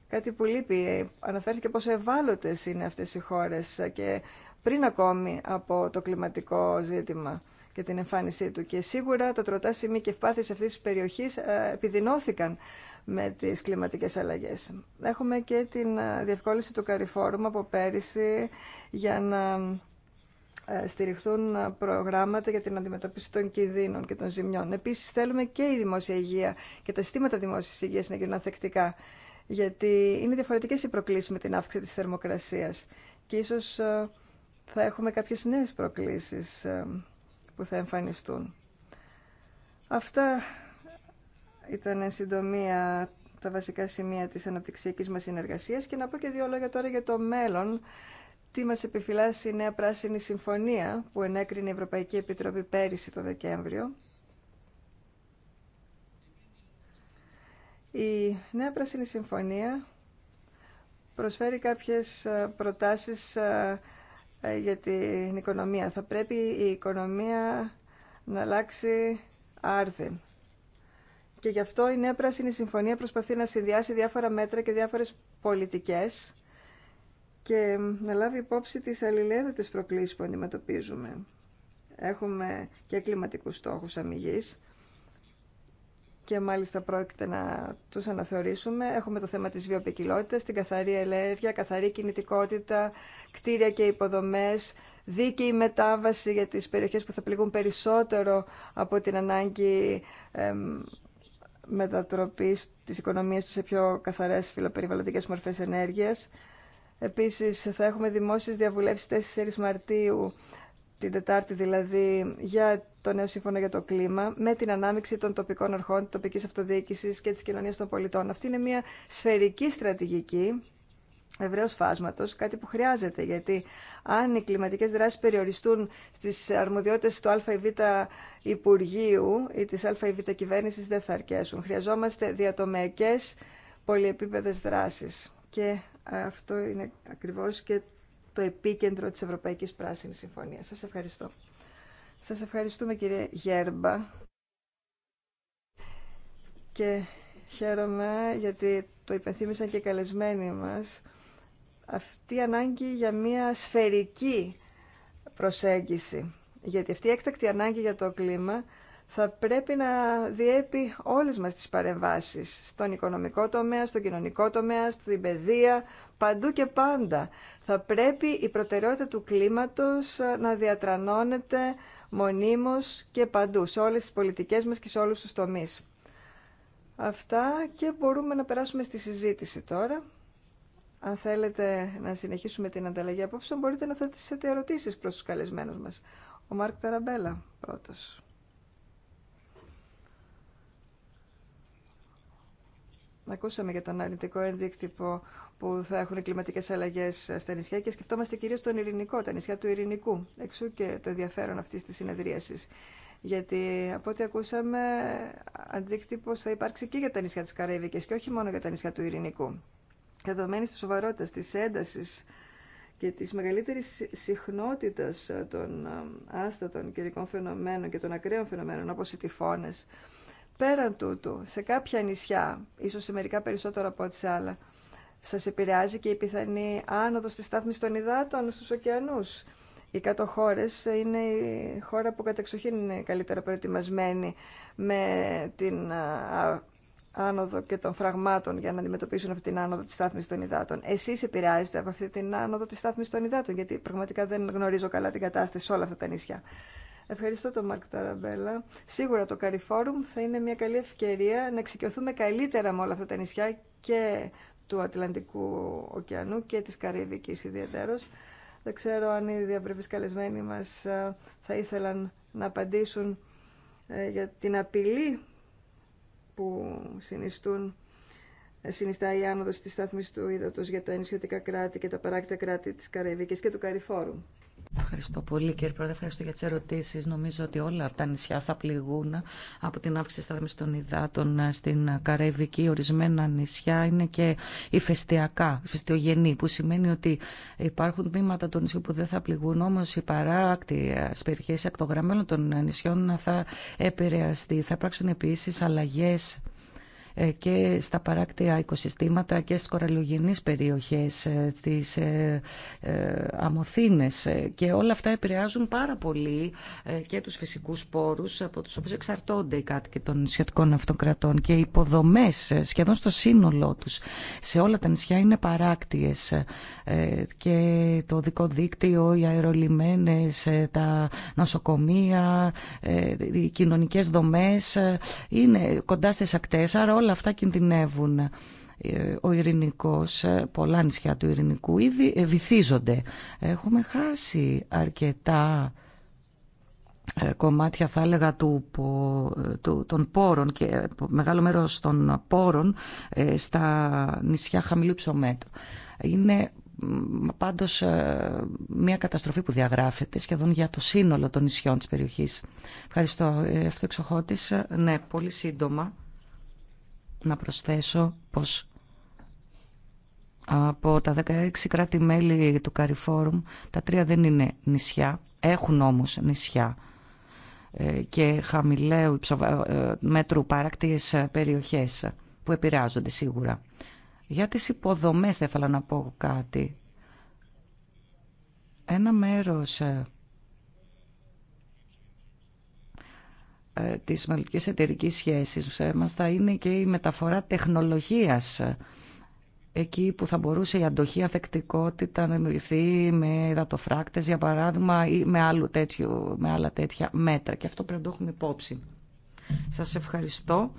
Κάτι που λείπει. Ε, αναφέρθηκε πόσο ευάλωτε είναι αυτέ οι χώρε ε, και πριν ακόμη από το κλιματικό ζήτημα και την εμφάνισή του. Και σίγουρα τα τροτά σημεία και ευπάθειες αυτής της περιοχής ε, επιδεινώθηκαν με τις κλιματικές αλλαγές. Έχουμε και την ε, διευκόλυνση του Καριφόρουμ από πέρυσι για να ε, στηριχθούν προγράμματα για την αντιμετώπιση των κινδύνων και των ζημιών. Επίσης θέλουμε και η δημόσια υγεία και τα συστήματα δημόσιας υγείας να γίνουν αθεκτικά, γιατί είναι διαφορετικές οι προκλήσεις με την αύξηση της θερμοκρασίας και ίσως θα έχουμε κάποιες νέες προκλήσεις ε, που θα εμφανιστούν. Αυτά ήταν εν συντομία τα βασικά σημεία της αναπτυξιακής μας συνεργασίας και να πω και δύο λόγια τώρα για το μέλλον. Τι μας επιφυλάσσει η Νέα Πράσινη Συμφωνία που ενέκρινε η Ευρωπαϊκή Επιτροπή πέρυσι το Δεκέμβριο. Η Νέα Πράσινη Συμφωνία προσφέρει κάποιες ε, προτάσεις ε, ε, για την οικονομία. Θα πρέπει η οικονομία να αλλάξει άρθεν. Και γι' αυτό η Νέα Πράσινη Συμφωνία προσπαθεί να συνδυάσει διάφορα μέτρα και διάφορες πολιτικές και να λάβει υπόψη τις αλληλέδατες προκλήσεις που αντιμετωπίζουμε. Έχουμε και κλιματικούς στόχους αμυγής, και μάλιστα πρόκειται να του αναθεωρήσουμε. Έχουμε το θέμα τη βιοπικιλότητα, την καθαρή ενέργεια, καθαρή κινητικότητα, κτίρια και υποδομές, δίκαιη μετάβαση για τι περιοχέ που θα πληγούν περισσότερο από την ανάγκη εμ, μετατροπής της οικονομίας σε πιο καθαρέ φιλοπεριβαλλοντικές μορφέ ενέργεια. Επίση, θα έχουμε δημόσιε διαβουλεύσει 4 Μαρτίου, την Τετάρτη δηλαδή, για το νέο σύμφωνο για το κλίμα με την ανάμειξη των τοπικών αρχών, τη τοπικής αυτοδιοίκησης και τη κοινωνία των πολιτών. Αυτή είναι μια σφαιρική στρατηγική ευρέω φάσματο. κάτι που χρειάζεται, γιατί αν οι κλιματικέ δράσει περιοριστούν στις αρμοδιότητε του Β Υπουργείου ή της Β κυβέρνηση δεν θα αρκέσουν. Χρειαζόμαστε διατομεακέ πολυεπίπεδες δράσεις και ε, αυτό είναι ακριβώ και το επίκεντρο της Ευρωπαϊκής Πράσινης Συμφωνίας. Σας ευχαριστώ. Σας ευχαριστούμε κύριε Γέρμπα και χαίρομαι γιατί το υπενθύμησαν και οι καλεσμένοι μας αυτή η ανάγκη για μια σφαιρική προσέγγιση. Γιατί αυτή η έκτακτη ανάγκη για το κλίμα θα πρέπει να διέπει όλες μας τις παρεμβάσεις στον οικονομικό τομέα, στον κοινωνικό τομέα, στην παιδεία, παντού και πάντα. Θα πρέπει η προτεραιότητα του κλίματος να διατρανώνεται μονίμως και παντού, σε όλες τις πολιτικές μας και σε όλους τους τομείς. Αυτά και μπορούμε να περάσουμε στη συζήτηση τώρα. Αν θέλετε να συνεχίσουμε την ανταλλαγή απόψε, μπορείτε να θέσετε ερωτήσεις προς τους καλεσμένους μας. Ο Μάρκ Ταραμπέλα πρώτος. Ακούσαμε για τον αρνητικό ενδείκτυπο που θα έχουν οι κλιματικέ αλλαγέ στα νησιά και σκεφτόμαστε κυρίω τον Ειρηνικό, τα νησιά του Ειρηνικού. Εξού και το ενδιαφέρον αυτή τη συνεδρίαση. Γιατί από ό,τι ακούσαμε, αντίκτυπο θα υπάρξει και για τα νησιά τη Καραϊβική και όχι μόνο για τα νησιά του Ειρηνικού. Δεδομένη τη σοβαρότητα, τη ένταση και τη μεγαλύτερη συχνότητα των άστατων καιρικών φαινομένων και των ακραίων φαινομένων όπω οι τυφώνες Πέραν τούτου, σε κάποια νησιά, ίσως σε μερικά περισσότερα από ό,τι σε άλλα, σας επηρεάζει και η πιθανή άνοδος της στάθμης των υδάτων στους ωκεανούς. Οι κάτω είναι η χώρα που κατεξοχήν είναι καλύτερα προετοιμασμένη με την άνοδο και των φραγμάτων για να αντιμετωπίσουν αυτή την άνοδο της στάθμης των υδάτων. Εσείς επηρεάζετε από αυτή την άνοδο της στάθμης των υδάτων, γιατί πραγματικά δεν γνωρίζω καλά την κατάσταση σε όλα αυτά τα νησιά. Ευχαριστώ τον Μάρκ Ταραμπέλα. Σίγουρα το Καριφόρουμ θα είναι μια καλή ευκαιρία να εξοικειωθούμε καλύτερα με όλα αυτά τα νησιά και του Ατλαντικού ωκεανού και της Καραϊβικής ιδιαίτερος. Δεν ξέρω αν οι διαπρεπείς καλεσμένοι μας ε, θα ήθελαν να απαντήσουν ε, για την απειλή που συνιστούν ε, συνιστά η άνοδος της στάθμης του ύδατος για τα νησιωτικά κράτη και τα παράκτητα κράτη της Καραϊβικής και του Καριφόρου. Ευχαριστώ πολύ κύριε Πρόεδρε, ευχαριστώ για τις ερωτήσεις. Νομίζω ότι όλα τα νησιά θα πληγούν από την αύξηση τη των υδάτων ε, στην Καραϊβική. Ορισμένα νησιά είναι και ηφαιστειακά, ηφαιστειογενή, που σημαίνει ότι υπάρχουν τμήματα των νησιών που δεν θα πληγούν, όμως οι παράκτιες ε, περιοχές εκτογραμμένων των νησιών θα επηρεαστεί. Θα υπάρξουν επίση αλλαγές ε, και στα παράκτια οικοσυστήματα και στις κοραλιογενείς περιοχές, ε, τις ε, αμοθήνες και όλα αυτά επηρεάζουν πάρα πολύ και τους φυσικούς πόρους από τους οποίους εξαρτώνται οι κάτοικοι των νησιωτικών αυτοκρατών και οι υποδομές σχεδόν στο σύνολό τους σε όλα τα νησιά είναι παράκτιες και το δικό δίκτυο, οι αερολιμένες, τα νοσοκομεία, οι κοινωνικές δομές είναι κοντά στις ακτές, όλα όλα αυτά κινδυνεύουν. Ε, ο Ειρηνικός, ε, πολλά νησιά του Ειρηνικού ήδη ε, βυθίζονται. Έχουμε χάσει αρκετά κομμάτια θα έλεγα του, του, των πόρων και μεγάλο μέρος των πόρων στα νησιά χαμηλού ψωμέτου. Είναι πάντως μια καταστροφή που διαγράφεται σχεδόν για το σύνολο των νησιών της περιοχής. Ευχαριστώ. Αυτό εξοχώτης. Ναι, πολύ σύντομα να προσθέσω πως από τα 16 κράτη-μέλη του Καριφόρουμ, τα τρία δεν είναι νησιά, έχουν όμως νησιά ε, και χαμηλαίου ε, μέτρου παράκτιες ε, περιοχές που επηρεάζονται σίγουρα. Για τις υποδομές θα ήθελα να πω κάτι. Ένα μέρος Ε, της μελλοντικής εταιρικής σχέσης ε, μας θα είναι και η μεταφορά τεχνολογίας ε, εκεί που θα μπορούσε η αντοχή, η αθεκτικότητα να δημιουργηθεί με δατοφράκτες για παράδειγμα ή με, με άλλα τέτοια μέτρα και αυτό πρέπει να το έχουμε υπόψη. Σας ευχαριστώ.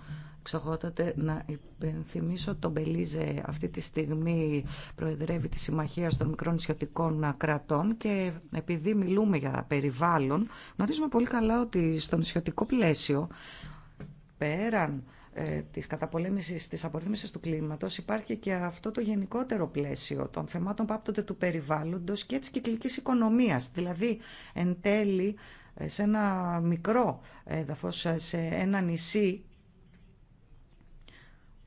Ξεχότατε να υπενθυμίσω τον Μπελίζε αυτή τη στιγμή προεδρεύει τη Συμμαχία των Μικρών Νησιωτικών Κρατών και επειδή μιλούμε για περιβάλλον γνωρίζουμε πολύ καλά ότι στο νησιωτικό πλαίσιο πέραν ε, της καταπολέμησης της του κλίματος υπάρχει και αυτό το γενικότερο πλαίσιο των θεμάτων που άπτονται του περιβάλλοντος και της κυκλικής οικονομίας. Δηλαδή, εν τέλει, ε, σε ένα μικρό εδαφο ε, σε ένα νησί,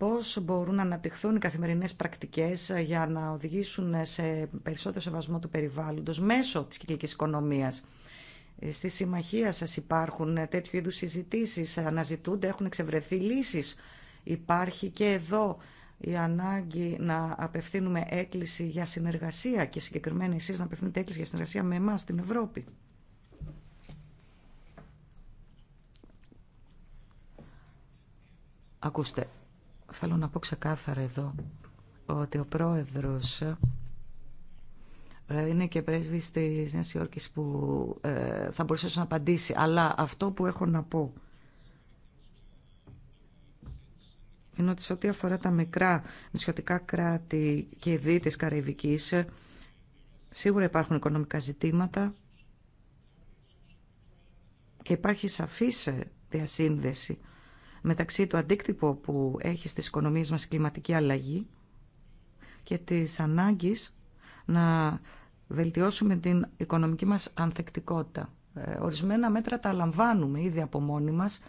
πώς μπορούν να αναπτυχθούν οι καθημερινές πρακτικές ε, για να οδηγήσουν σε περισσότερο σεβασμό του περιβάλλοντος μέσω της κυκλικής οικονομίας. Ε, στη συμμαχία σας υπάρχουν ε, τέτοιου είδους συζητήσεις, αναζητούνται, έχουν εξευρεθεί λύσεις. Υπάρχει και εδώ η ανάγκη να απευθύνουμε έκκληση για συνεργασία και συγκεκριμένα εσείς να απευθύνετε έκκληση για συνεργασία με εμάς στην Ευρώπη. Ακούστε, Θέλω να πω ξεκάθαρα εδώ ότι ο πρόεδρος ε, είναι και πρέσβης της Νέας Υόρκης που ε, θα μπορούσε να απαντήσει. Αλλά αυτό που έχω να πω είναι ότι σε ό,τι αφορά τα μικρά νησιωτικά κράτη και δι της Καραϊβικής, σίγουρα υπάρχουν οικονομικά ζητήματα και υπάρχει σαφής διασύνδεση μεταξύ του αντίκτυπο που έχει στις οικονομίες μας η κλιματική αλλαγή και της ανάγκης να βελτιώσουμε την οικονομική μας ανθεκτικότητα. Ε, ορισμένα μέτρα τα λαμβάνουμε ήδη από μόνοι μας,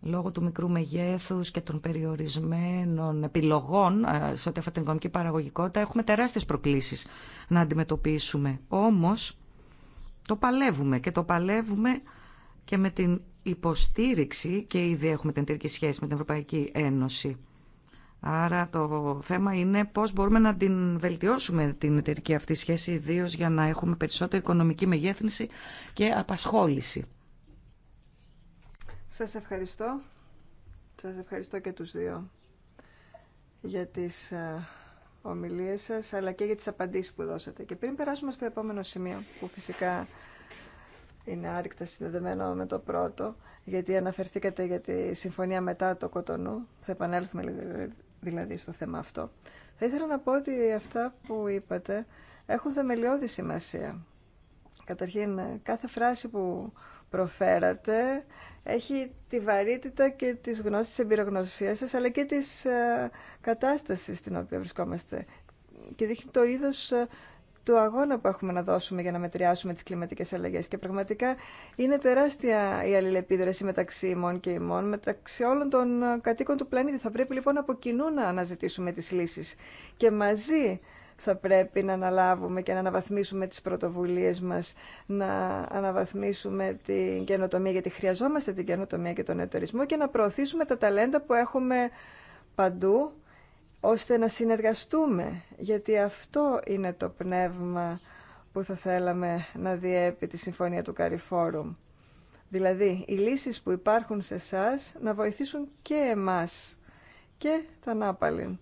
λόγω του μικρού μεγέθους και των περιορισμένων επιλογών ε, σε ό,τι αφορά την οικονομική παραγωγικότητα, έχουμε τεράστιες προκλήσεις να αντιμετωπίσουμε. Όμως, το παλεύουμε και το παλεύουμε και με την υποστήριξη και ήδη έχουμε την εταιρική σχέση με την Ευρωπαϊκή Ένωση. Άρα το θέμα είναι πώς μπορούμε να την βελτιώσουμε την εταιρική αυτή σχέση, ιδίω για να έχουμε περισσότερη οικονομική μεγέθυνση και απασχόληση. Σας ευχαριστώ. Σας ευχαριστώ και τους δύο για τις ε, ομιλίες σας, αλλά και για τις απαντήσεις που δώσατε. Και πριν περάσουμε στο επόμενο σημείο, που φυσικά είναι άρρηκτα συνδεδεμένο με το πρώτο, γιατί αναφερθήκατε για τη συμφωνία μετά το Κοτονού. Θα επανέλθουμε δηλαδή στο θέμα αυτό. Θα ήθελα να πω ότι αυτά που είπατε έχουν θεμελιώδη σημασία. Καταρχήν, κάθε φράση που προφέρατε έχει τη βαρύτητα και τις γνώσεις της εμπειρογνωσίας σας, αλλά και της ε, κατάστασης στην οποία βρισκόμαστε και δείχνει το είδος ε, του αγώνα που έχουμε να δώσουμε για να μετριάσουμε τις κλιματικές αλλαγές. Και πραγματικά είναι τεράστια η αλληλεπίδραση μεταξύ ημών και ημών, μεταξύ όλων των κατοίκων του πλανήτη. Θα πρέπει λοιπόν από κοινού να αναζητήσουμε τις λύσεις και μαζί θα πρέπει να αναλάβουμε και να αναβαθμίσουμε τις πρωτοβουλίες μας, να αναβαθμίσουμε την καινοτομία, γιατί χρειαζόμαστε την καινοτομία και τον εταιρισμό και να προωθήσουμε τα ταλέντα που έχουμε παντού ώστε να συνεργαστούμε, γιατί αυτό είναι το πνεύμα που θα θέλαμε να διέπει τη Συμφωνία του Καριφόρουμ. Δηλαδή, οι λύσεις που υπάρχουν σε εσά να βοηθήσουν και εμάς και τα Νάπαλιν.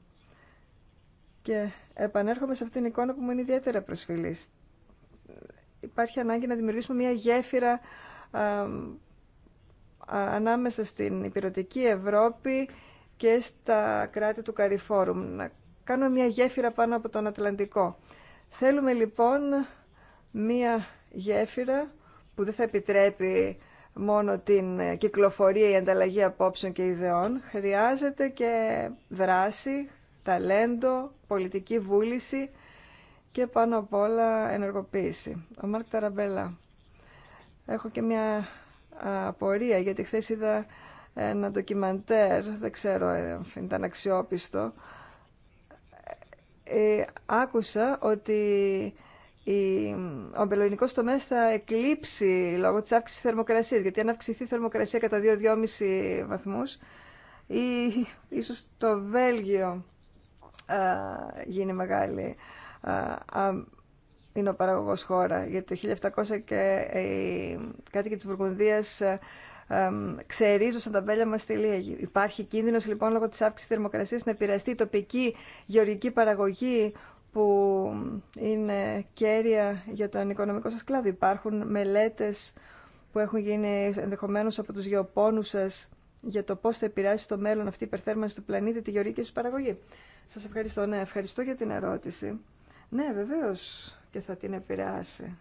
Και επανέρχομαι σε αυτήν την εικόνα που μου είναι ιδιαίτερα προσφυλής. Υπάρχει ανάγκη να δημιουργήσουμε μια γέφυρα ανάμεσα στην υπηρετική Ευρώπη και στα κράτη του Καριφόρουμ, να κάνουμε μια γέφυρα πάνω από τον Ατλαντικό. Θέλουμε λοιπόν μια γέφυρα που δεν θα επιτρέπει μόνο την κυκλοφορία, η ανταλλαγή απόψεων και ιδεών. Χρειάζεται και δράση, ταλέντο, πολιτική βούληση και πάνω απ' όλα ενεργοποίηση. Ο Μάρκ Ταραμπέλα. Έχω και μια απορία γιατί χθε είδα ένα ντοκιμαντέρ, δεν ξέρω αν ήταν αξιόπιστο. Ε, άκουσα ότι η, ο αμπελοϊνικό τομέας θα εκλείψει λόγω της αύξησης θερμοκρασίας, Γιατί αν αυξηθεί η θερμοκρασία κατά 2-2,5 βαθμούς ή ίσω το Βέλγιο γίνει μεγάλη α, είναι ο παραγωγό χώρα. Γιατί το 1700 και ε, οι κάτοικοι τη Βουργουνδία ξερίζωσαν τα μπέλια μας στη λίγη. Υπάρχει κίνδυνος λοιπόν λόγω της αύξησης θερμοκρασία να επηρεαστεί η τοπική γεωργική παραγωγή που είναι κέρια για τον οικονομικό σα κλάδο. Υπάρχουν μελέτες που έχουν γίνει ενδεχομένω από τους γεωπόνους σα για το πώς θα επηρεάσει το μέλλον αυτή η υπερθέρμανση του πλανήτη τη γεωργική παραγωγή. Σα ευχαριστώ. Ναι, ευχαριστώ για την ερώτηση. Ναι, βεβαίω και θα την επηρεάσει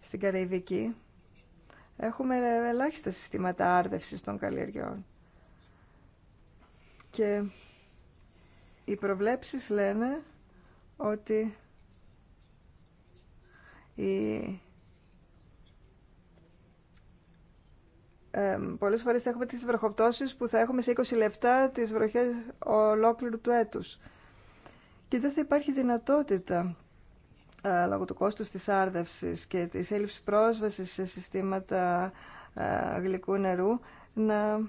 στην Καραϊβική Έχουμε ελάχιστα συστήματα άρδευσης των καλλιεργειών. Και οι προβλέψεις λένε ότι οι... Ε, πολλές φορές θα έχουμε τις βροχοπτώσεις που θα έχουμε σε 20 λεπτά τις βροχές ολόκληρου του έτους. Και δεν θα υπάρχει δυνατότητα ε, λόγω του κόστους της άρδευσης και της έλλειψης πρόσβασης σε συστήματα ε, γλυκού νερού να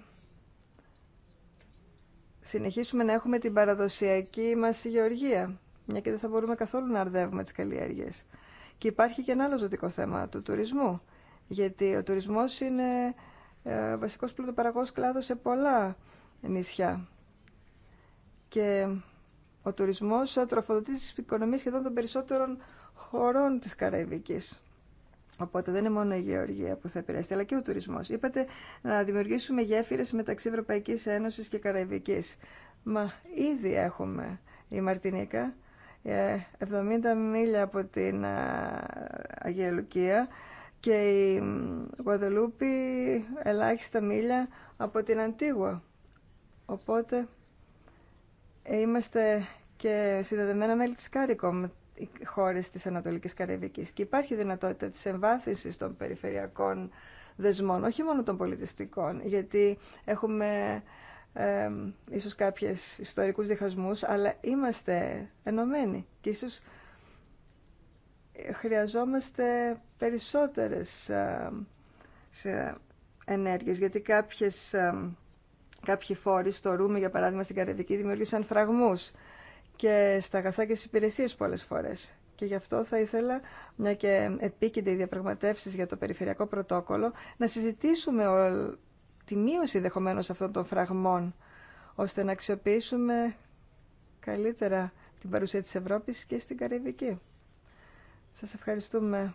συνεχίσουμε να έχουμε την παραδοσιακή μας γεωργία, μια και δεν θα μπορούμε καθόλου να αρδεύουμε τις καλλιέργειες. Και υπάρχει και ένα άλλο ζωτικό θέμα του τουρισμού, γιατί ο τουρισμός είναι ε, βασικός πλουτοπαραγός κλάδος σε πολλά νησιά. Και ο τουρισμός τροφοδοτεί τις οικονομίες σχεδόν των περισσότερων χωρών της Καραϊβικής. Οπότε δεν είναι μόνο η γεωργία που θα επηρεαστεί, αλλά και ο τουρισμός. Είπατε να δημιουργήσουμε γέφυρες μεταξύ Ευρωπαϊκής Ένωσης και Καραϊβικής. Μα ήδη έχουμε η Μαρτινίκα, 70 ε, μίλια από την Αγία Λουκία και η Γουαδελούπη ελάχιστα μίλια από την Αντίγουα. Οπότε ε, είμαστε και συνδεδεμένα μέλη της Κάρικομ, χώρες της Ανατολικής Καραϊβικής και υπάρχει δυνατότητα της εμβάθυνσης των περιφερειακών δεσμών, όχι μόνο των πολιτιστικών, γιατί έχουμε ε, ίσως κάποιες ιστορικούς διχασμούς, αλλά είμαστε ενωμένοι και ίσως ε, χρειαζόμαστε περισσότερες ε, ενέργειες, γιατί κάποιες, ε, κάποιοι φόροι στο Ρούμι, για παράδειγμα, στην Καραϊβική δημιούργησαν φραγμούς και στα αγαθά και στις υπηρεσίες πολλές φορές. Και γι' αυτό θα ήθελα, μια και επίκυνται οι διαπραγματεύσεις για το περιφερειακό πρωτόκολλο, να συζητήσουμε τη μείωση ενδεχομένω αυτών των φραγμών, ώστε να αξιοποιήσουμε καλύτερα την παρουσία της Ευρώπης και στην Καραϊβική. Σας ευχαριστούμε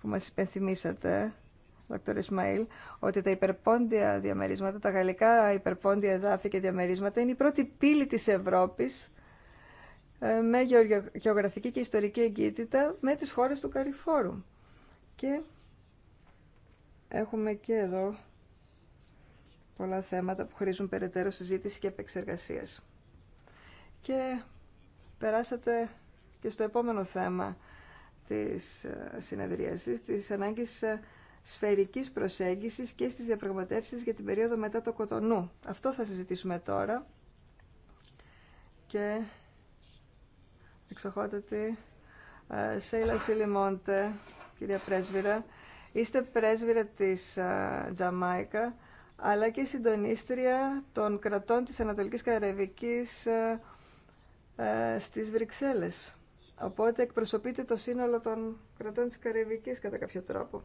που μας υπενθυμίσατε, Δ. Ισμαήλ, ότι τα υπερπόντια διαμερίσματα, τα γαλλικά υπερπόντια εδάφη και διαμερίσματα είναι η πρώτη πύλη της Ευρώπης ε, με γεωγραφική και ιστορική εγκύτητα με τις χώρες του Καριφόρου. Και έχουμε και εδώ πολλά θέματα που χρήζουν περαιτέρω συζήτηση και επεξεργασίας. Και περάσατε και στο επόμενο θέμα της ε, συνεδρίασης, της ανάγκης ε, σφαιρικής προσέγγισης και στις διαπραγματεύσεις για την περίοδο μετά το Κοτονού. Αυτό θα συζητήσουμε τώρα και εξοχότατη ε, Σέιλα Σιλιμόντε, κυρία πρέσβυρα. Είστε πρέσβυρα της ε, Τζαμάικα, αλλά και συντονίστρια των κρατών της Ανατολικής Καραϊβικής ε, στις Βρυξέλλες. Οπότε εκπροσωπείτε το σύνολο των κρατών της Καραϊβικής κατά κάποιο τρόπο.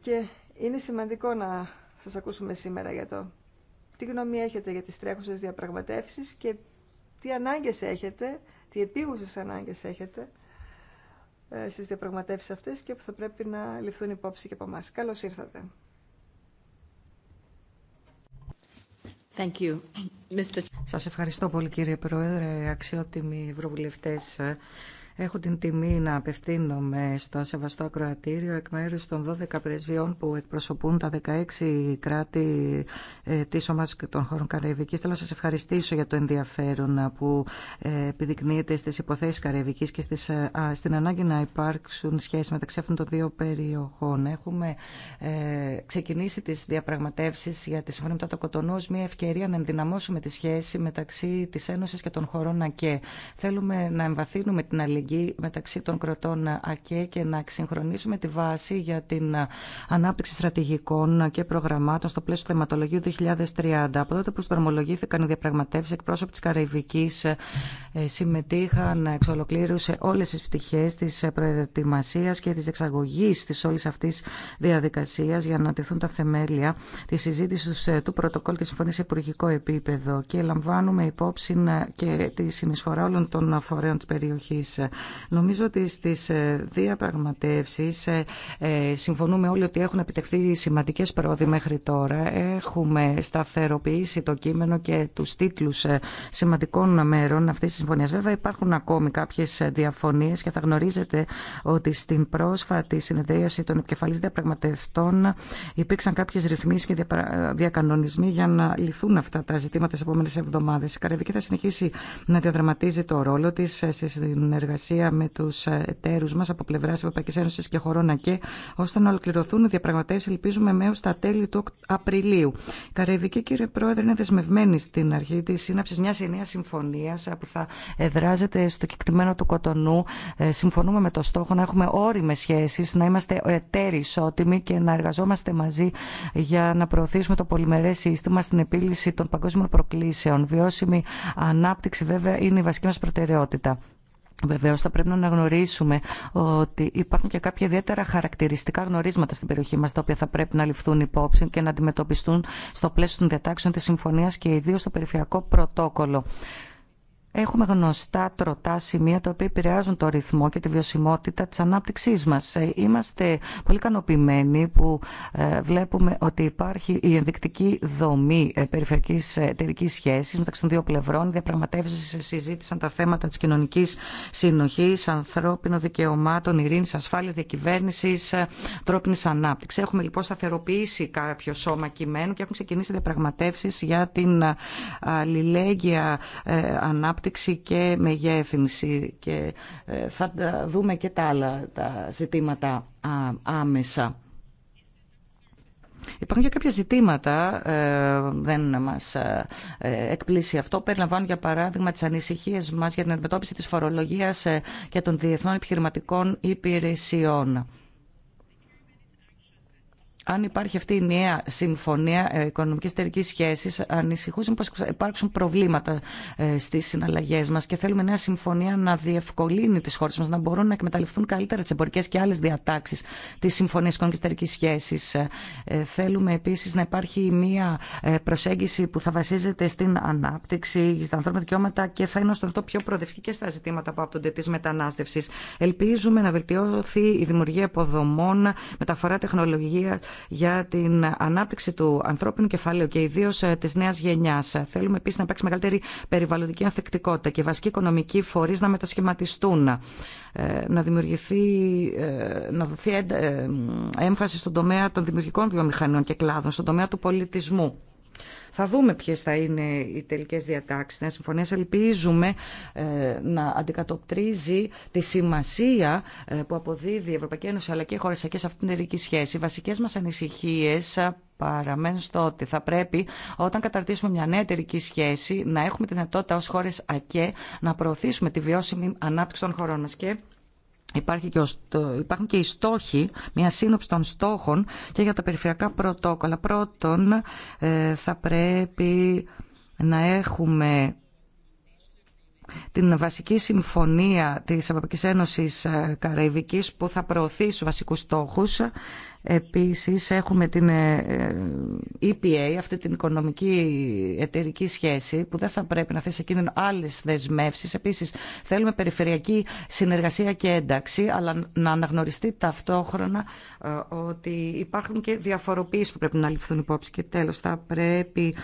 Και είναι σημαντικό να σας ακούσουμε σήμερα για το τι γνώμη έχετε για τις τρέχουσες διαπραγματεύσεις και τι ανάγκες έχετε τι επίγουσες ανάγκε έχετε ε, στις διαπραγματεύσει αυτές και που θα πρέπει να ληφθούν υπόψη και από εμά. Καλώς ήρθατε. Thank Σας ευχαριστώ πολύ κύριε Πρόεδρε, αξιότιμοι ευρωβουλευτές. Έχω την τιμή να απευθύνομαι στο Σεβαστό Ακροατήριο εκ μέρους των 12 πρεσβειών που εκπροσωπούν τα 16 κράτη ε, της ομάδας των χώρων Καραϊβικής. Θέλω να σας ευχαριστήσω για το ενδιαφέρον που ε, επιδεικνύεται στις υποθέσεις Καραϊβικής και στις, ε, α, στην ανάγκη να υπάρξουν σχέσεις μεταξύ αυτών των δύο περιοχών. Έχουμε ξεκινήσει τις διαπραγματεύσεις για τη Συμφωνία μετά το Κοτονού μια ευκαιρία να ενδυναμώσουμε τη σχέση μεταξύ της Ένωσης και των χωρών ΑΚΕ. Θέλουμε να εμβαθύνουμε την αλληλεγγύη μεταξύ των κρατών ΑΚΕ και να συγχρονίσουμε τη βάση για την ανάπτυξη στρατηγικών και προγραμμάτων στο πλαίσιο του θεματολογίου 2030. Από τότε που στορμολογήθηκαν οι διαπραγματεύσει, εκπρόσωποι τη Καραϊβική ε, συμμετείχαν εξ ολοκλήρου σε όλε τι πτυχέ τη προετοιμασία και τη εξαγωγή τη όλη αυτή διαδικασία για να τεθούν τα θεμέλια τη συζήτηση ε, του πρωτοκόλλου και συμφωνία σε υπουργικό επίπεδο. Και λαμβάνουμε υπόψη ε, και τη συνεισφορά όλων των φορέων τη περιοχή. Νομίζω ότι στις ε, διαπραγματεύσεις ε, ε, συμφωνούμε όλοι ότι έχουν επιτευχθεί σημαντικές πρόοδοι μέχρι τώρα. Έχουμε σταθεροποιήσει το κείμενο και τους τίτλους σημαντικών μέρων αυτής της συμφωνίας. Βέβαια υπάρχουν ακόμη κάποιες διαφωνίες και θα γνωρίζετε ότι στην πρόσφατη συνεδρίαση των επικεφαλής διαπραγματευτών υπήρξαν κάποιες ρυθμίσεις και διακανονισμοί για να λυθούν αυτά τα ζητήματα τις επόμενες εβδομάδες. Η Καραβική θα συνεχίσει να διαδραματίζει το ρόλο της σε συνεργασία συνεργασία με του εταίρου μα από πλευρά Ευρωπαϊκή Ένωση και χωρών ΑΚΕ, ώστε να ολοκληρωθούν οι διαπραγματεύσει, ελπίζουμε, μέω στα τέλη του Απριλίου. Καρεβική, κύριε Πρόεδρε, είναι δεσμευμένη στην αρχή τη σύναψη μια ενιαία συμφωνία που θα εδράζεται στο κεκτημένο του Κοτονού. Ε, συμφωνούμε με το στόχο να έχουμε όριμε σχέσει, να είμαστε εταίροι ισότιμοι και να εργαζόμαστε μαζί για να προωθήσουμε το πολυμερέ σύστημα στην επίλυση των παγκόσμιων προκλήσεων. Βιώσιμη ανάπτυξη, βέβαια, είναι η βασική μα προτεραιότητα. Βεβαίω, θα πρέπει να αναγνωρίσουμε ότι υπάρχουν και κάποια ιδιαίτερα χαρακτηριστικά γνωρίσματα στην περιοχή μα, τα οποία θα πρέπει να ληφθούν υπόψη και να αντιμετωπιστούν στο πλαίσιο των διατάξεων τη συμφωνία και ιδίω στο περιφερειακό πρωτόκολλο. Έχουμε γνωστά τροτά σημεία τα οποία επηρεάζουν το ρυθμό και τη βιωσιμότητα της ανάπτυξής μας. Ε, είμαστε πολύ ικανοποιημένοι που ε, βλέπουμε ότι υπάρχει η ενδεικτική δομή ε, περιφερικής εταιρική σχέσης μεταξύ των δύο πλευρών. Οι διαπραγματεύσεις συζήτησαν τα θέματα της κοινωνικής συνοχής, ανθρώπινων δικαιωμάτων, ειρήνης, ασφάλειας, διακυβέρνησης, τρόπινης ανάπτυξη. Έχουμε λοιπόν σταθεροποιήσει κάποιο σώμα κειμένου και έχουν ξεκινήσει διαπραγματεύσει για την αλληλέγγυα ανάπτυξη ανάπτυξη και μεγέθυνση και ε, θα δούμε και τα άλλα τα ζητήματα άμεσα. Υπάρχουν και κάποια ζητήματα, ε, δεν μας ε, εκπλήσει αυτό. Περιλαμβάνουν για παράδειγμα τις ανησυχίες μας για την αντιμετώπιση της φορολογίας και των διεθνών επιχειρηματικών υπηρεσιών αν υπάρχει αυτή η νέα συμφωνία ε, οικονομικής εταιρικής σχέση, ανησυχούσαμε πω υπάρξουν προβλήματα ε, στι συναλλαγές μα και θέλουμε νέα συμφωνία να διευκολύνει τι χώρε μα να μπορούν να εκμεταλλευτούν καλύτερα τι εμπορικέ και άλλες διατάξεις της συμφωνίας οικονομικής εταιρικής σχέσης. Ε, θέλουμε επίση να υπάρχει μια προσέγγιση που θα βασίζεται στην ανάπτυξη, στα ανθρώπινα δικαιώματα και θα είναι στον το πιο προοδευτική και στα ζητήματα που άπτονται τη μετανάστευση. Ελπίζουμε να βελτιώθει η δημιουργία υποδομών, μεταφορά τεχνολογία για την ανάπτυξη του ανθρώπινου κεφαλαίου και ιδίω ε, τη νέα γενιά. Θέλουμε επίση να υπάρξει μεγαλύτερη περιβαλλοντική ανθεκτικότητα και οι βασικοί οικονομικοί φορεί να μετασχηματιστούν, ε, να δημιουργηθεί, ε, να δοθεί έμφαση στον τομέα των δημιουργικών βιομηχανιών και κλάδων, στον τομέα του πολιτισμού θα δούμε ποιε θα είναι οι τελικέ διατάξει τη συμφωνία. Ελπίζουμε ε, να αντικατοπτρίζει τη σημασία ε, που αποδίδει η Ευρωπαϊκή Ένωση αλλά και οι χώρε σε αυτήν την εταιρική σχέση. Οι βασικέ μα ανησυχίε ε, παραμένουν στο ότι θα πρέπει όταν καταρτήσουμε μια νέα εταιρική σχέση να έχουμε τη δυνατότητα ω χώρε ΑΚΕ να προωθήσουμε τη βιώσιμη ανάπτυξη των χωρών μα. Και Υπάρχει και υπάρχουν και οι στόχοι, μια σύνοψη των στόχων και για τα περιφερειακά πρωτόκολλα. Πρώτον, ε, θα πρέπει να έχουμε την βασική συμφωνία της Ευρωπαϊκής Ένωσης ε, Καραϊβικής που θα προωθήσει βασικούς στόχους Επίσης έχουμε την EPA, ε, ε αυτή την οικονομική εταιρική σχέση που δεν θα πρέπει να θέσει σε κίνδυνο άλλες δεσμεύσεις. Επίσης θέλουμε περιφερειακή συνεργασία και ένταξη, αλλά να αναγνωριστεί ταυτόχρονα ε, ότι υπάρχουν και διαφοροποίησεις που πρέπει να ληφθούν υπόψη. Και τέλος θα πρέπει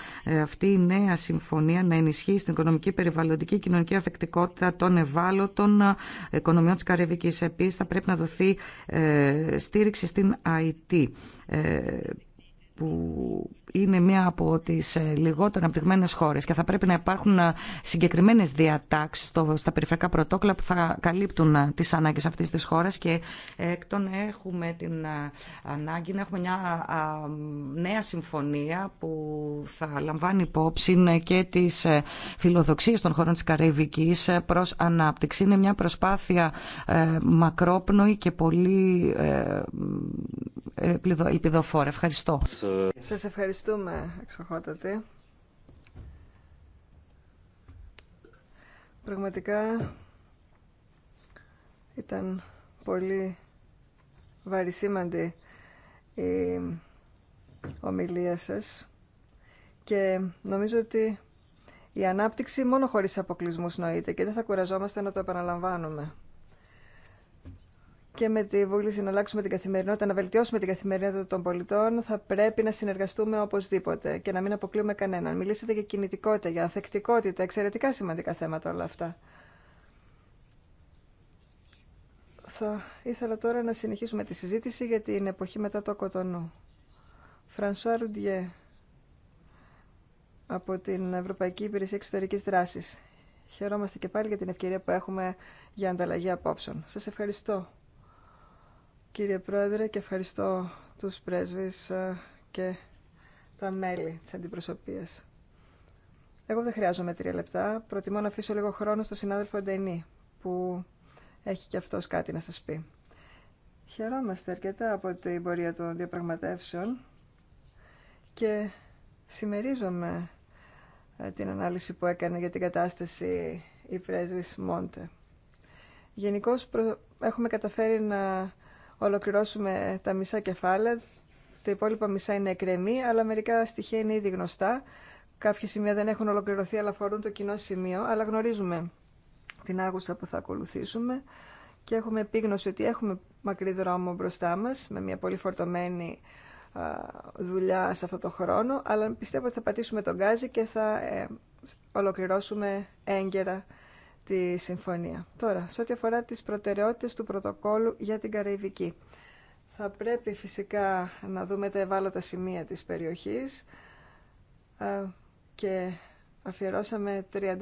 αυτή η νέα συμφωνία να ενισχύει στην οικονομική, περιβαλλοντική κοινωνική αφεκτικότητα των ευάλωτων οικονομιών της Καρεβικής. Επίσης θα πρέπει να δοθεί στήριξη στην IT ε, που είναι μία από τις ε, λιγότερο αναπτυγμένες χώρες και θα πρέπει να υπάρχουν ε, συγκεκριμένες διατάξεις στα περιφερειακά πρωτόκολλα που θα καλύπτουν ε, τις ανάγκες αυτής της χώρας και εκτόν έχουμε την ανάγκη να έχουμε μια νέα συμφωνία που θα λαμβάνει υπόψη και τις φιλοδοξίες των χωρών της Καραϊβικής προς ανάπτυξη. Είναι μια προσπάθεια μακρόπνοη και πολύ ελπιδοφόρα. Ευχαριστώ. Σας ευχαριστώ. Ευχαριστούμε, εξοχότατη. Πραγματικά ήταν πολύ βαρισίμαντη η ομιλία σας και νομίζω ότι η ανάπτυξη μόνο χωρίς αποκλεισμούς νοείται και δεν θα κουραζόμαστε να το επαναλαμβάνουμε και με τη βούληση να αλλάξουμε την καθημερινότητα, να βελτιώσουμε την καθημερινότητα των πολιτών, θα πρέπει να συνεργαστούμε οπωσδήποτε και να μην αποκλείουμε κανέναν. Μιλήσατε για κινητικότητα, για ανθεκτικότητα, εξαιρετικά σημαντικά θέματα όλα αυτά. Θα ήθελα τώρα να συνεχίσουμε τη συζήτηση για την εποχή μετά το Κοτονού. Φρανσουά Ρουντιέ, από την Ευρωπαϊκή Υπηρεσία Εξωτερικής Δράσης. Χαιρόμαστε και πάλι για την ευκαιρία που έχουμε για ανταλλαγή απόψεων. Σας ευχαριστώ κύριε Πρόεδρε και ευχαριστώ τους πρέσβεις ε, και τα μέλη της αντιπροσωπείας. Εγώ δεν χρειάζομαι τρία λεπτά. Προτιμώ να αφήσω λίγο χρόνο στο συνάδελφο Ντενή, που έχει και αυτός κάτι να σας πει. Χαιρόμαστε αρκετά από την πορεία των διαπραγματεύσεων και συμμερίζομαι ε, την ανάλυση που έκανε για την κατάσταση η πρέσβης Μόντε. Γενικώ έχουμε καταφέρει να ολοκληρώσουμε τα μισά κεφάλαια. Τα υπόλοιπα μισά είναι εκρεμή, αλλά μερικά στοιχεία είναι ήδη γνωστά. Κάποια σημεία δεν έχουν ολοκληρωθεί, αλλά αφορούν το κοινό σημείο. Αλλά γνωρίζουμε την άγουσα που θα ακολουθήσουμε και έχουμε επίγνωση ότι έχουμε μακρύ δρόμο μπροστά μας, με μια πολύ φορτωμένη δουλειά σε αυτό το χρόνο, αλλά πιστεύω ότι θα πατήσουμε τον γκάζι και θα ε, ολοκληρώσουμε έγκαιρα τη συμφωνία. Τώρα, σε ό,τι αφορά τις προτεραιότητες του πρωτοκόλου για την Καραϊβική. Θα πρέπει φυσικά να δούμε τα ευάλωτα σημεία της περιοχής ε, και αφιερώσαμε 35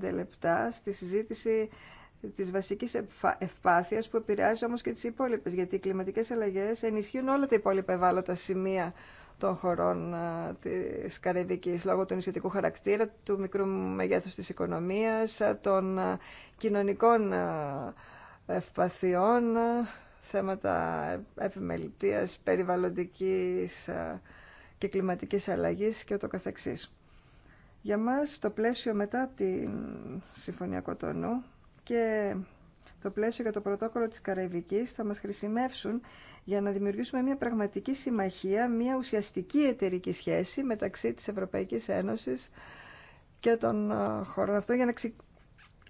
λεπτά στη συζήτηση της βασικής ευπάθειας που επηρεάζει όμως και τις υπόλοιπες γιατί οι κλιματικές αλλαγές ενισχύουν όλα τα υπόλοιπα ευάλωτα σημεία των χωρών ε, της Καραϊβικής λόγω του νησιωτικού χαρακτήρα, του μικρού μεγέθους της οικονομίας, ε, των ε, κοινωνικών ευπαθειών, θέματα επιμελητίας, περιβαλλοντικής και κλιματικής αλλαγής και ούτω καθεξής. Για μας το πλαίσιο μετά την Συμφωνία Κοτονού και το πλαίσιο για το πρωτόκολλο της Καραϊβικής θα μας χρησιμεύσουν για να δημιουργήσουμε μια πραγματική συμμαχία, μια ουσιαστική εταιρική σχέση μεταξύ της Ευρωπαϊκής Ένωσης και των ε, χωρών αυτών για να,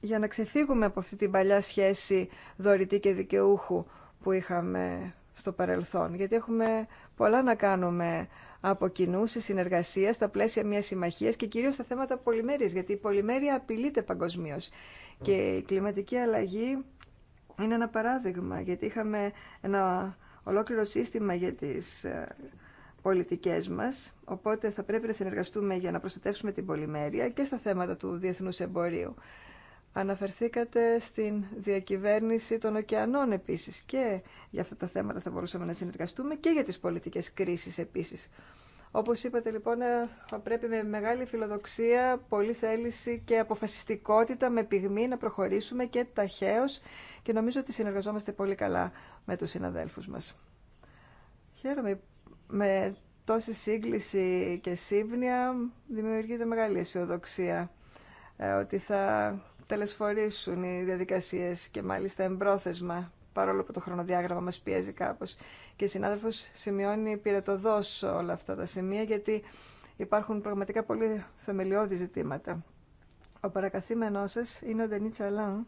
για να ξεφύγουμε από αυτή την παλιά σχέση δωρητή και δικαιούχου που είχαμε στο παρελθόν. Γιατί έχουμε πολλά να κάνουμε από κοινού σε συνεργασία, στα πλαίσια μια συμμαχία και κυρίω στα θέματα πολυμέρειας, γιατί η πολυμέρεια απειλείται παγκοσμίω. Και η κλιματική αλλαγή είναι ένα παράδειγμα, γιατί είχαμε ένα ολόκληρο σύστημα για τις ε, πολιτικές μας, οπότε θα πρέπει να συνεργαστούμε για να προστατεύσουμε την πολυμέρεια και στα θέματα του διεθνούς εμπορίου. Αναφερθήκατε στην διακυβέρνηση των ωκεανών επίσης και για αυτά τα θέματα θα μπορούσαμε να συνεργαστούμε και για τις πολιτικές κρίσεις επίσης. Όπως είπατε λοιπόν, ε, θα πρέπει με μεγάλη φιλοδοξία, πολλή θέληση και αποφασιστικότητα με πυγμή να προχωρήσουμε και ταχαίως και νομίζω ότι συνεργαζόμαστε πολύ καλά με τους συναδέλφους μας. Χαίρομαι με τόση σύγκληση και σύμπνοια δημιουργείται μεγάλη αισιοδοξία ε, ότι θα τελεσφορήσουν οι διαδικασίες και μάλιστα εμπρόθεσμα παρόλο που το χρονοδιάγραμμα μας πιέζει κάπως. Και η συνάδελφος σημειώνει πυρετοδός όλα αυτά τα σημεία, γιατί υπάρχουν πραγματικά πολύ θεμελιώδη ζητήματα. Ο παρακαθήμενός σας είναι ο Ντενίτσα Λάν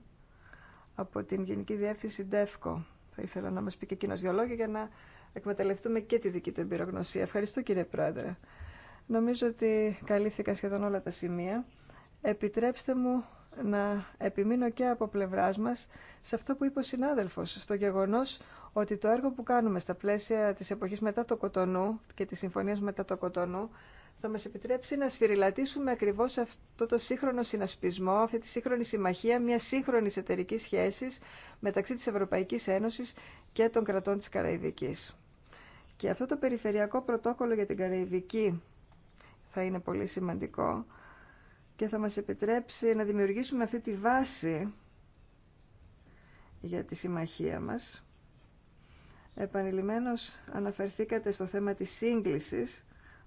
από την Γενική Διεύθυνση ΔΕΦΚΟ. Θα ήθελα να μας πει και εκείνος δυο λόγια για να εκμεταλλευτούμε και τη δική του εμπειρογνωσία. Ευχαριστώ κύριε Πρόεδρε. Νομίζω ότι καλύφθηκα σχεδόν όλα τα σημεία. Επιτρέψτε μου να επιμείνω και από πλευρά μα σε αυτό που είπε ο συνάδελφος, στο γεγονός ότι το έργο που κάνουμε στα πλαίσια της εποχής μετά το Κοτονού και τη συμφωνίας μετά το Κοτονού θα μας επιτρέψει να σφυριλατήσουμε ακριβώς αυτό το σύγχρονο συνασπισμό, αυτή τη σύγχρονη συμμαχία μια σύγχρονη εταιρική σχέση μεταξύ της Ευρωπαϊκή Ένωση και των κρατών τη Καραϊβική. Και αυτό το περιφερειακό πρωτόκολλο για την Καραϊβική θα είναι πολύ σημαντικό και θα μας επιτρέψει να δημιουργήσουμε αυτή τη βάση για τη συμμαχία μας. Επανειλημμένως αναφερθήκατε στο θέμα της σύγκλησης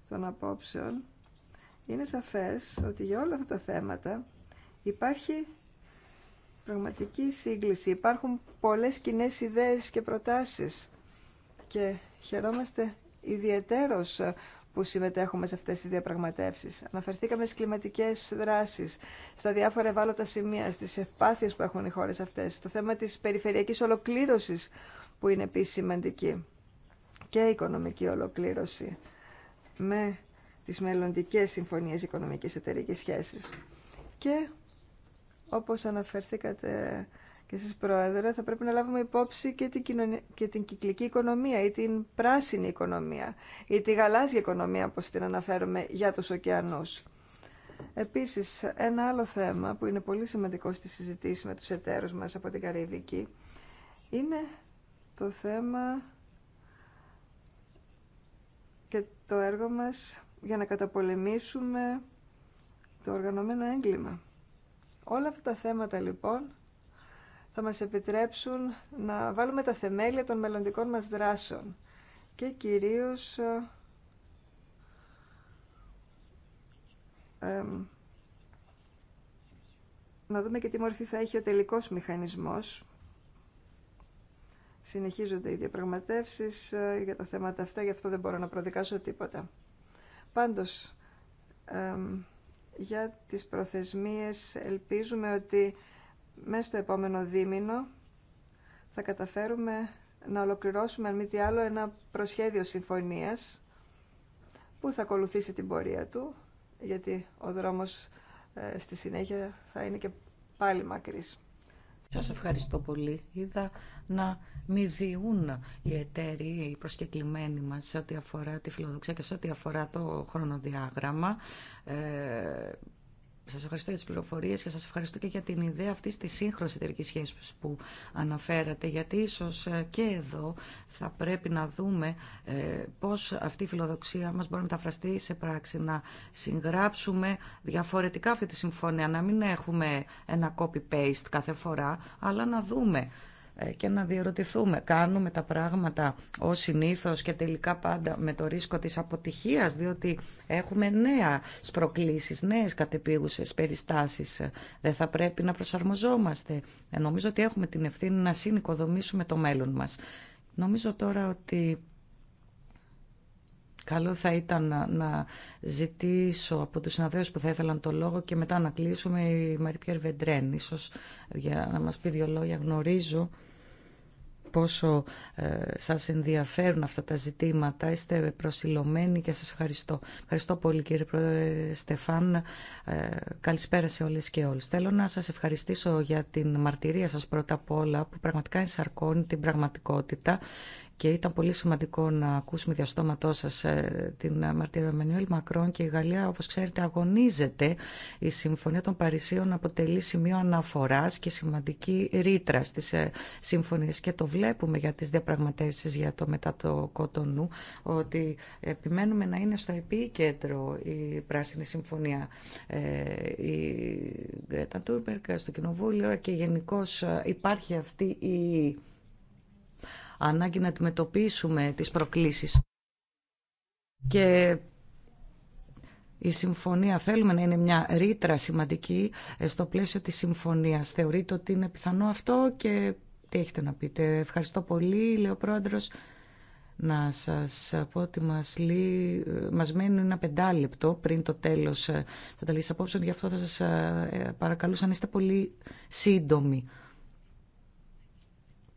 των απόψεων. Είναι σαφές ότι για όλα αυτά τα θέματα υπάρχει πραγματική σύγκληση. Υπάρχουν πολλές κοινέ ιδέες και προτάσεις και χαιρόμαστε ιδιαίτερος που συμμετέχουμε σε αυτές τις διαπραγματεύσεις. Αναφερθήκαμε στις κλιματικές δράσεις, στα διάφορα ευάλωτα σημεία, στις ευπάθειες που έχουν οι χώρες αυτές, στο θέμα της περιφερειακής ολοκλήρωσης που είναι επίσης σημαντική και οικονομική ολοκλήρωση με τις μελλοντικές συμφωνίες οικονομικής εταιρικής σχέσης. Και όπως αναφερθήκατε και εσείς, Πρόεδρε, θα πρέπει να λάβουμε υπόψη και την, και την κυκλική οικονομία ή την πράσινη οικονομία ή τη γαλάζια οικονομία, όπως την αναφέρουμε, για τους ωκεανούς. Επίσης, ένα άλλο θέμα που είναι πολύ σημαντικό στη συζητήση με τους εταίρους μας από την Καραϊβική είναι το θέμα και το έργο μας για να καταπολεμήσουμε το οργανωμένο έγκλημα. Όλα αυτά τα θέματα λοιπόν θα μας επιτρέψουν να βάλουμε τα θεμέλια των μελλοντικών μας δράσεων και κυρίως ε, να δούμε και τι μορφή θα έχει ο τελικός μηχανισμός. Συνεχίζονται οι διαπραγματεύσεις ε, για τα θέματα αυτά, γι' αυτό δεν μπορώ να προδικάσω τίποτα. Πάντως, για τις προθεσμίες ελπίζουμε ότι μέσα στο επόμενο δίμηνο θα καταφέρουμε να ολοκληρώσουμε αν μη τι άλλο ένα προσχέδιο συμφωνίας που θα ακολουθήσει την πορεία του γιατί ο δρόμος ε, στη συνέχεια θα είναι και πάλι μακρύς. Σας ευχαριστώ πολύ. Είδα να μη διούν οι εταίροι, οι προσκεκλημένοι μας σε ό,τι αφορά τη φιλοδοξία και σε ό,τι αφορά το χρονοδιάγραμμα. Ε, σας ευχαριστώ για τι πληροφορίες και σας ευχαριστώ και για την ιδέα αυτή τη σύγχρονη εταιρική σχέση που αναφέρατε, γιατί ίσως ε, και εδώ θα πρέπει να δούμε ε, πώς αυτή η φιλοδοξία μας μπορεί να μεταφραστεί σε πράξη, να συγγράψουμε διαφορετικά αυτή τη συμφωνία, να μην έχουμε ένα copy-paste κάθε φορά, αλλά να δούμε ε, και να διερωτηθούμε. Κάνουμε τα πράγματα ως συνήθως και τελικά πάντα με το ρίσκο της αποτυχίας, διότι έχουμε νέα προκλήσεις, νέες κατεπίγουσες περιστάσεις. Ε, δεν θα πρέπει να προσαρμοζόμαστε. Ε, νομίζω ότι έχουμε την ευθύνη να συνοικοδομήσουμε το μέλλον μας. Νομίζω τώρα ότι Καλό θα ήταν να, ζητήσω από τους συναδέλφους που θα ήθελαν το λόγο και μετά να κλείσουμε η Μαρή Πιέρ Βεντρέν. Ίσως για να μας πει δύο λόγια γνωρίζω πόσο ε, σας ενδιαφέρουν αυτά τα ζητήματα. Είστε προσιλωμένοι και σας ευχαριστώ. Ευχαριστώ πολύ κύριε Πρόεδρε Στεφάν. Ε, καλησπέρα σε όλες και όλους. Θέλω να σας ευχαριστήσω για την μαρτυρία σας πρώτα απ' όλα που πραγματικά ενσαρκώνει την πραγματικότητα και ήταν πολύ σημαντικό να ακούσουμε διαστόματό σας ε, την μαρτυρία Μενιουέλ Μακρόν και η Γαλλία όπως ξέρετε αγωνίζεται η Συμφωνία των Παρισίων αποτελεί σημείο αναφοράς και σημαντική ρήτρα στι ε, συμφωνίε. και το βλέπουμε για τις διαπραγματεύσεις για το μετά το Κοτονού ότι επιμένουμε να είναι στο επίκεντρο η Πράσινη Συμφωνία ε, η Γκρέτα Τούρμπερκ στο Κοινοβούλιο και γενικώ υπάρχει αυτή η ανάγκη να αντιμετωπίσουμε τις προκλήσεις. Και η συμφωνία θέλουμε να είναι μια ρήτρα σημαντική ε, στο πλαίσιο της συμφωνίας. Θεωρείτε ότι είναι πιθανό αυτό και τι έχετε να πείτε. Ευχαριστώ πολύ, λέει ο πρόεδρος. Να σας πω ότι μας, ε, μας μένει ένα πεντάλεπτο πριν το τέλος ε, θα τα λύσει απόψε. Γι' αυτό θα σας παρακαλούσα να είστε πολύ σύντομοι.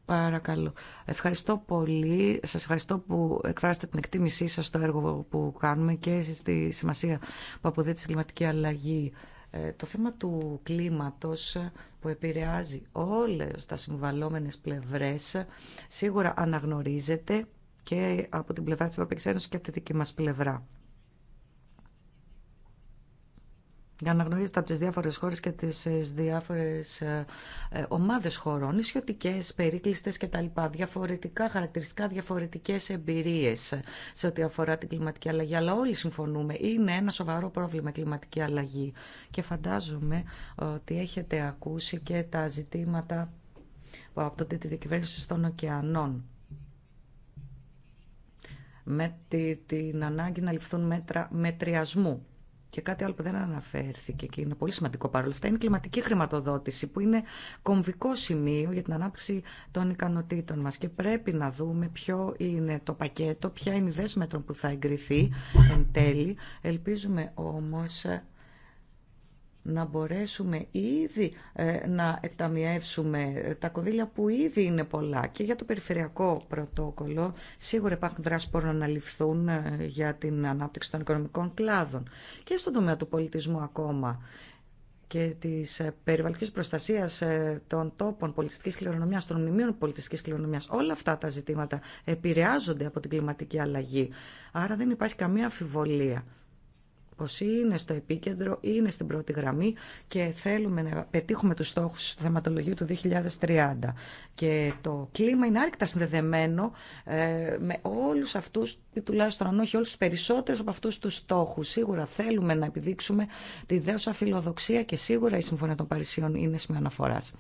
Παρακαλώ. Ευχαριστώ πολύ. Σας ευχαριστώ που εκφράσετε την εκτίμησή σας στο έργο που κάνουμε και στη σημασία που αποδίδει τη κλιματική αλλαγή. Ε, το θέμα του κλίματος που επηρεάζει όλες τα συμβαλόμενες πλευρές σίγουρα αναγνωρίζεται και από την πλευρά της Ευρωπαϊκής Ένωσης και από τη δική μας πλευρά. για να γνωρίζετε από τις διάφορες χώρες και τις ε, διάφορες ε, ε, ομάδες χωρών, νησιωτικές, περίκλειστες κτλ. Διαφορετικά χαρακτηριστικά, διαφορετικές εμπειρίες σε ό,τι αφορά την κλιματική αλλαγή. Αλλά όλοι συμφωνούμε, είναι ένα σοβαρό πρόβλημα η κλιματική αλλαγή. Και φαντάζομαι ότι έχετε ακούσει και τα ζητήματα από τότε της διακυβέρνησης των ωκεανών με την ανάγκη να ληφθούν μέτρα μετριασμού και κάτι άλλο που δεν αναφέρθηκε και είναι πολύ σημαντικό παρόλα αυτά είναι η κλιματική χρηματοδότηση που είναι κομβικό σημείο για την ανάπτυξη των ικανοτήτων μας και πρέπει να δούμε ποιο είναι το πακέτο, ποια είναι η δέσμετρο που θα εγκριθεί εν τέλει. Ελπίζουμε όμως να μπορέσουμε ήδη ε, να εκταμιεύσουμε τα κονδύλια που ήδη είναι πολλά και για το περιφερειακό πρωτόκολλο σίγουρα υπάρχουν δράσεις που μπορούν να ληφθούν ε, για την ανάπτυξη των οικονομικών κλάδων και στον τομέα του πολιτισμού ακόμα και της ε, περιβαλλοντικής προστασίας των τόπων πολιτιστικής κληρονομιάς, των μνημείων πολιτιστικής κληρονομιάς. Όλα αυτά τα ζητήματα επηρεάζονται από την κλιματική αλλαγή. Άρα δεν υπάρχει καμία αφιβολία πως είναι στο επίκεντρο, είναι στην πρώτη γραμμή και θέλουμε να πετύχουμε τους στόχους του θεματολογίου του 2030. Και το κλίμα είναι άρρηκτα συνδεδεμένο ε, με όλους αυτούς, τουλάχιστον όχι όλους τους περισσότερους από αυτούς τους στόχους. Σίγουρα θέλουμε να επιδείξουμε τη δέωσα φιλοδοξία και σίγουρα η Συμφωνία των Παρισίων είναι σημείο αναφοράς.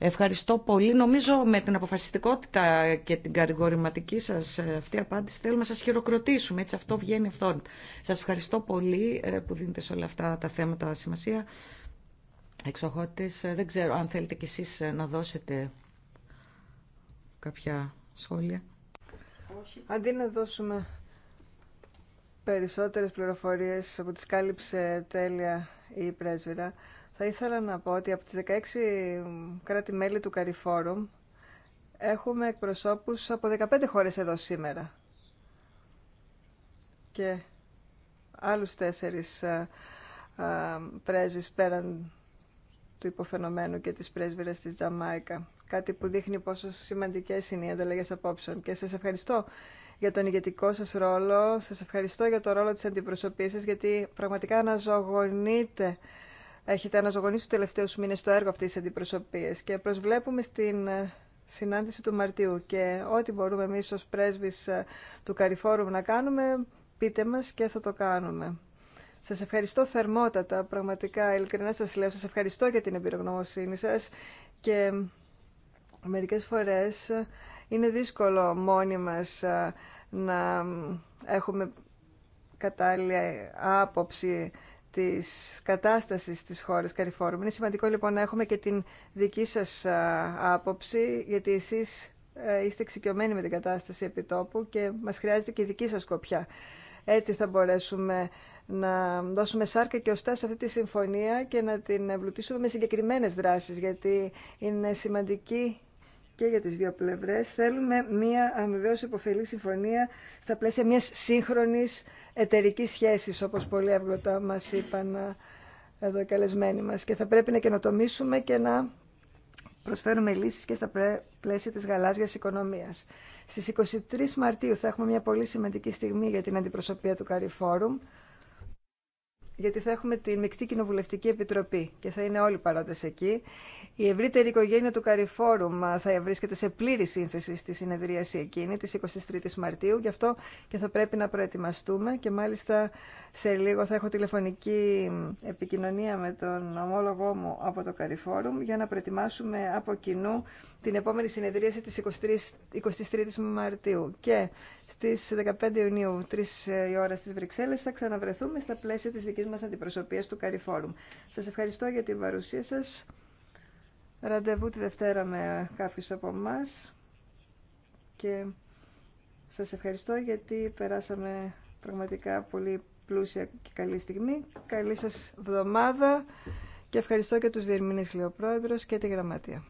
Ευχαριστώ πολύ. Νομίζω με την αποφασιστικότητα και την καρηγορηματική σας ε, αυτή απάντηση θέλουμε να σας χειροκροτήσουμε. Έτσι αυτό βγαίνει αυτό. Σας ευχαριστώ πολύ ε, που δίνετε σε όλα αυτά τα θέματα σημασία. Εξοχότητε, ε, δεν ξέρω αν θέλετε κι εσείς να δώσετε κάποια σχόλια. Όχι. Αντί να δώσουμε περισσότερες πληροφορίες από τις κάλυψε τέλεια η πρέσβυρα, θα ήθελα να πω ότι από τις 16 κράτη-μέλη του Καριφόρουμ έχουμε εκπροσώπους από 15 χώρες εδώ σήμερα και άλλους τέσσερις ε, ε, πρέσβεις πέραν του υποφαινομένου και της πρέσβυρας της Τζαμάικα. Κάτι που δείχνει πόσο σημαντικές είναι οι ανταλλαγές απόψεων. Και σας ευχαριστώ για τον ηγετικό σας ρόλο, σας ευχαριστώ για το ρόλο της αντιπροσωπής σας, γιατί πραγματικά αναζωογονείτε έχετε αναζωογονήσει του τελευταίου μήνε το έργο αυτή τη αντιπροσωπεία και προσβλέπουμε στην ε, συνάντηση του Μαρτίου. Και ό,τι μπορούμε εμεί ω πρέσβει ε, του Καριφόρουμ να κάνουμε, πείτε μα και θα το κάνουμε. Σα ευχαριστώ θερμότατα, πραγματικά, ειλικρινά σα λέω. Σα ευχαριστώ για την εμπειρογνωμοσύνη σα και ε, μερικέ φορέ είναι δύσκολο μόνοι μα να έχουμε κατάλληλη άποψη της κατάστασης της χώρας Καλιφόρουμ. Είναι σημαντικό λοιπόν να έχουμε και την δική σας άποψη, γιατί εσείς ε, είστε εξοικειωμένοι με την κατάσταση επιτόπου και μας χρειάζεται και η δική σας κοπιά. Έτσι θα μπορέσουμε να δώσουμε σάρκα και οστά σε αυτή τη συμφωνία και να την εμπλουτίσουμε με συγκεκριμένες δράσεις, γιατί είναι σημαντική και για τις δύο πλευρές. Θέλουμε μια αμοιβαίως υποφελή συμφωνία στα πλαίσια μιας σύγχρονης εταιρική σχέσης, όπως πολύ εύγλωτα μας είπαν ε, εδώ οι καλεσμένοι μας. Και θα πρέπει να καινοτομήσουμε και να προσφέρουμε λύσεις και στα πλαίσια της γαλάζιας οικονομίας. Στις 23 Μαρτίου θα έχουμε μια πολύ σημαντική στιγμή για την αντιπροσωπεία του Καριφόρουμ, γιατί θα έχουμε τη Μεικτή Κοινοβουλευτική Επιτροπή και θα είναι όλοι παρόντες εκεί. Η ευρύτερη οικογένεια του Καριφόρουμ ε, θα βρίσκεται σε πλήρη σύνθεση στη συνεδρίαση εκείνη τη 23 η Μαρτίου, γι' αυτό και θα πρέπει να προετοιμαστούμε και μάλιστα σε λίγο θα έχω τηλεφωνική επικοινωνία με τον ομόλογό μου από το Καριφόρουμ για να προετοιμάσουμε από κοινού την επόμενη συνεδρίαση της 23, ης Μαρτίου και στις 15 Ιουνίου, 3 ε, η ώρα στις Βρυξέλλες, θα ξαναβρεθούμε στα πλαίσια της δικής μας αντιπροσωπείας του Καριφόρουμ. Σας ευχαριστώ για την παρουσία σας. Ραντεβού τη Δευτέρα με κάποιους από εμά και σας ευχαριστώ γιατί περάσαμε πραγματικά πολύ πλούσια και καλή στιγμή. Καλή σας βδομάδα και ευχαριστώ και τους διερμηνείς Λεοπρόεδρος και τη Γραμματεία.